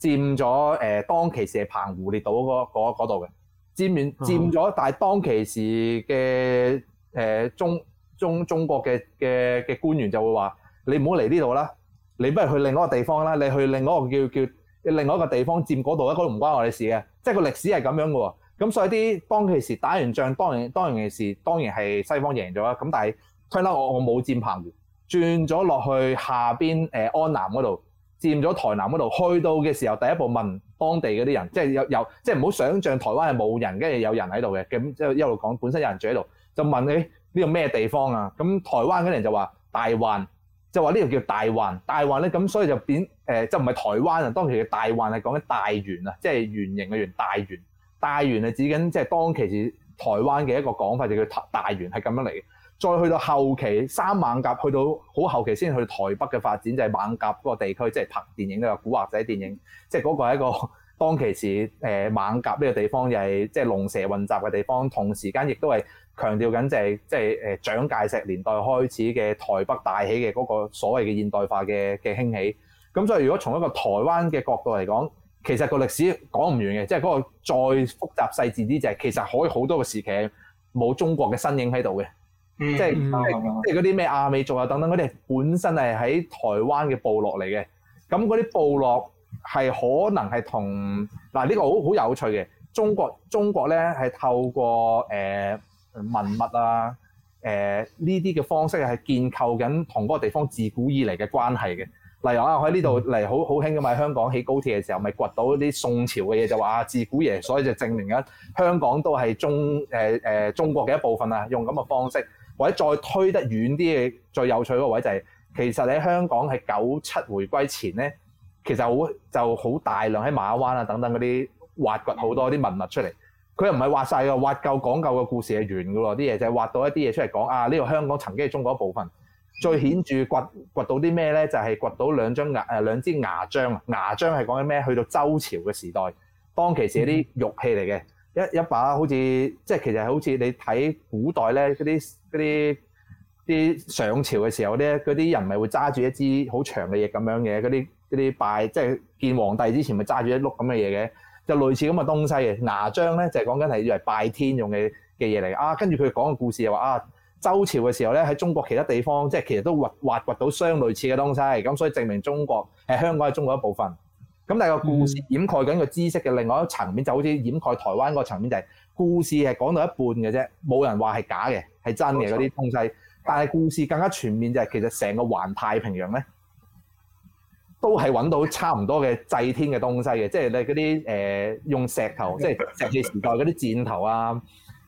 佔咗誒，當其時係澎湖列島嗰度嘅佔佔咗，但係當其時嘅誒、呃、中中中國嘅嘅嘅官員就會話：你唔好嚟呢度啦，你不如去另一個地方啦，你去另一個叫叫另外一個地方佔嗰度啦，嗰度唔關我哋事嘅。即係個歷史係咁樣嘅喎、哦。咁所以啲當其時打完仗，當然當然其時，當然係西方贏咗啦。咁但係推啦，我我冇佔澎湖。轉咗落去下邊誒安南嗰度，佔咗台南嗰度。去到嘅時候，第一步問當地嗰啲人，即係有有即係唔好想象台灣係冇人，跟住有人喺度嘅。咁即係一路講，本身有人住喺度，就問你呢個咩地方啊？咁台灣嗰啲人就話大環，就話呢度叫大環。大環咧咁，所以就變誒、呃、就唔係台灣啊。當其時大環係講緊大圓啊，即、就、係、係、圓形嘅圓。大圓。大圓係指緊即係當其時台灣嘅一個講法就叫大圓，係咁樣嚟。再去到後期，三猛甲去到好後期先去台北嘅發展，就係猛甲嗰個地區，即係拍電影嘅古惑仔電影，即係嗰個係一個當其時誒猛甲呢個地方又係即係龍蛇混雜嘅地方，同時間亦都係強調緊就係即係誒蔣介石年代開始嘅台北大起嘅嗰個所謂嘅現代化嘅嘅興起。咁所以如果從一個台灣嘅角度嚟講，其實個歷史講唔完嘅，即係嗰個再複雜細緻啲就係其實可以好多個時期冇中國嘅身影喺度嘅。即係即係嗰啲咩阿美族啊等等嗰啲，本身係喺台灣嘅部落嚟嘅。咁嗰啲部落係可能係同嗱呢、啊呢個好好有趣嘅中國。中國咧係透過誒、呃、文物啊誒呢啲嘅方式係建構緊同嗰個地方自古以嚟嘅關係嘅。例如啊，我喺呢度嚟好好興嘅嘛，香港起高鐵嘅時候，咪掘到啲宋朝嘅嘢，就話自古耶，所以就證明緊香港都係中誒誒、呃、中國嘅一部分啊。用咁嘅方式。或者再推得遠啲嘅，最有趣嗰個位就係其實喺香港係九七回歸前咧，其實好就好大量喺馬灣啊等等嗰啲挖掘好多啲文物出嚟，佢又唔係挖晒㗎，挖夠講夠嘅故事係完㗎喎，啲嘢就係挖到一啲嘢出嚟講啊呢個香港曾經係中國一部分。最顯著掘掘到啲咩咧？就係掘到兩張牙兩支牙璋啊！牙璋係講緊咩？去到周朝嘅時代，當其時有啲玉器嚟嘅，一一把好似即係其實好似你睇古代咧嗰啲。嗰啲啲上朝嘅時候咧，嗰啲人咪會揸住一支好長嘅嘢咁樣嘅，嗰啲啲拜即係見皇帝之前咪揸住一碌咁嘅嘢嘅，就類似咁嘅東西嘅。牙璋咧就係講緊係以為拜天用嘅嘅嘢嚟。啊，跟住佢講個故事又話啊，周朝嘅時候咧喺中國其他地方，即係其實都挖挖掘到相類似嘅東西，咁所以證明中國係香港係中國的一部分。咁但係個故事掩蓋緊個知識嘅另外一個層面，就好似掩蓋台灣個層面，就係、是、故事係講到一半嘅啫，冇人話係假嘅，係真嘅嗰啲東西。但係故事更加全面就係、是、其實成個環太平洋咧，都係揾到差唔多嘅祭天嘅東西嘅，即係你嗰啲誒用石頭， 即係石器時代嗰啲箭頭啊、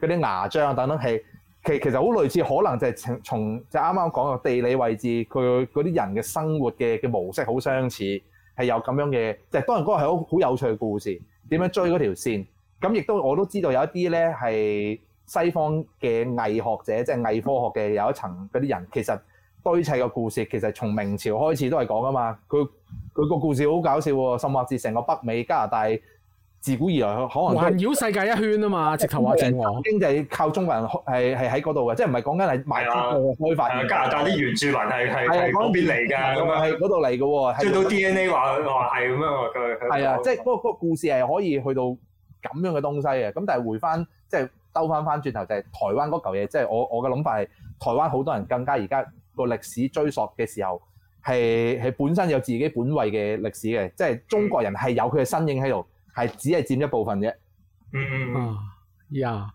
嗰啲牙璋啊等等，係其其實好類似，可能就係從就啱啱講個地理位置，佢嗰啲人嘅生活嘅嘅模式好相似。係有這樣嘅，即係當然嗰個係好有趣嘅故事，點樣追嗰條線，咁亦都我都知道有一啲咧係西方嘅偽學者，即係偽科學嘅有一層嗰啲人，其實堆砌個故事其實從明朝開始都係講㗎嘛，佢佢個故事好搞笑喎，甚至成個北美加拿大。自古以來可能環繞世界一圈啊嘛，直頭話正經濟靠中國人係係喺嗰度嘅，即係唔係講緊係賣貨開、啊、發嘅。加拿大啲原住民係係方便嚟㗎，咁樣喺嗰度嚟嘅喎。接、啊、到 DNA 話佢話係咁樣喎，佢係啊，即係嗰個、那個故事係可以去到咁樣嘅東西嘅。咁但係回翻即係兜翻翻轉頭就係、是就是就是、台灣嗰嚿嘢，即、就、係、是、我我嘅諗法係台灣好多人更加而家個歷史追索嘅時候係係本身有自己本位嘅歷史嘅，即、就、係、是、中國人係有佢嘅身影喺度。係只係佔一部分啫，mm -hmm. 啊。嗯嗯啊呀。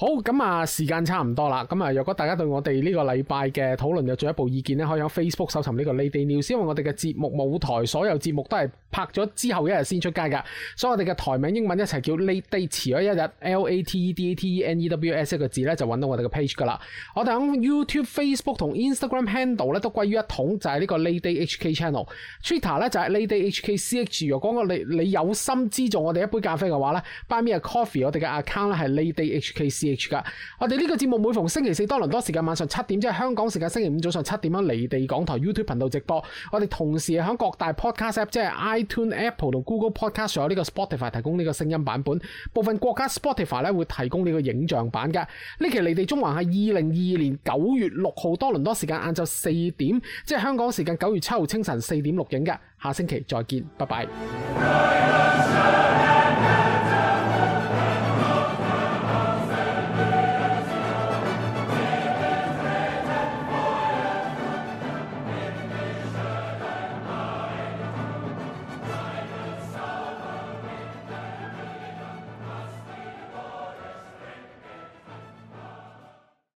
好咁啊，時間差唔多啦。咁啊，若果大家對我哋呢個禮拜嘅討論有進一步意見咧，可以喺 Facebook 搜尋呢個 LateDate News，因為我哋嘅節目舞台所有節目都係拍咗之後一日先出街噶。所以我哋嘅台名英文一齊叫 LateDate，遲咗一日，L A T E D A T E N E W S 一個字咧就揾到我哋嘅 page 噶啦。我哋喺 YouTube、Facebook 同 Instagram handle 咧都歸於一統，就係、是、呢個 LateDate HK Channel。Twitter 咧就係 LateDate HK C H。如果講你你有心資助我哋一杯咖啡嘅話咧，Buy Me a Coffee 我哋嘅 account 咧係 LateDate HK C。噶，我哋呢個節目每逢星期四多倫多時間晚上七點，即係香港時間星期五早上七點啦，離地港台 YouTube 頻道直播。我哋同時喺各大 Podcast App, 即係 iTune、Apple 同 Google Podcast 所有呢個 Spotify 提供呢個聲音版本。部分國家 Spotify 咧會提供呢個影像版噶。呢期離地縱橫係二零二二年九月六號多倫多時間晏晝四點，即係香港時間九月七號清晨四點錄影噶。下星期再見，拜拜。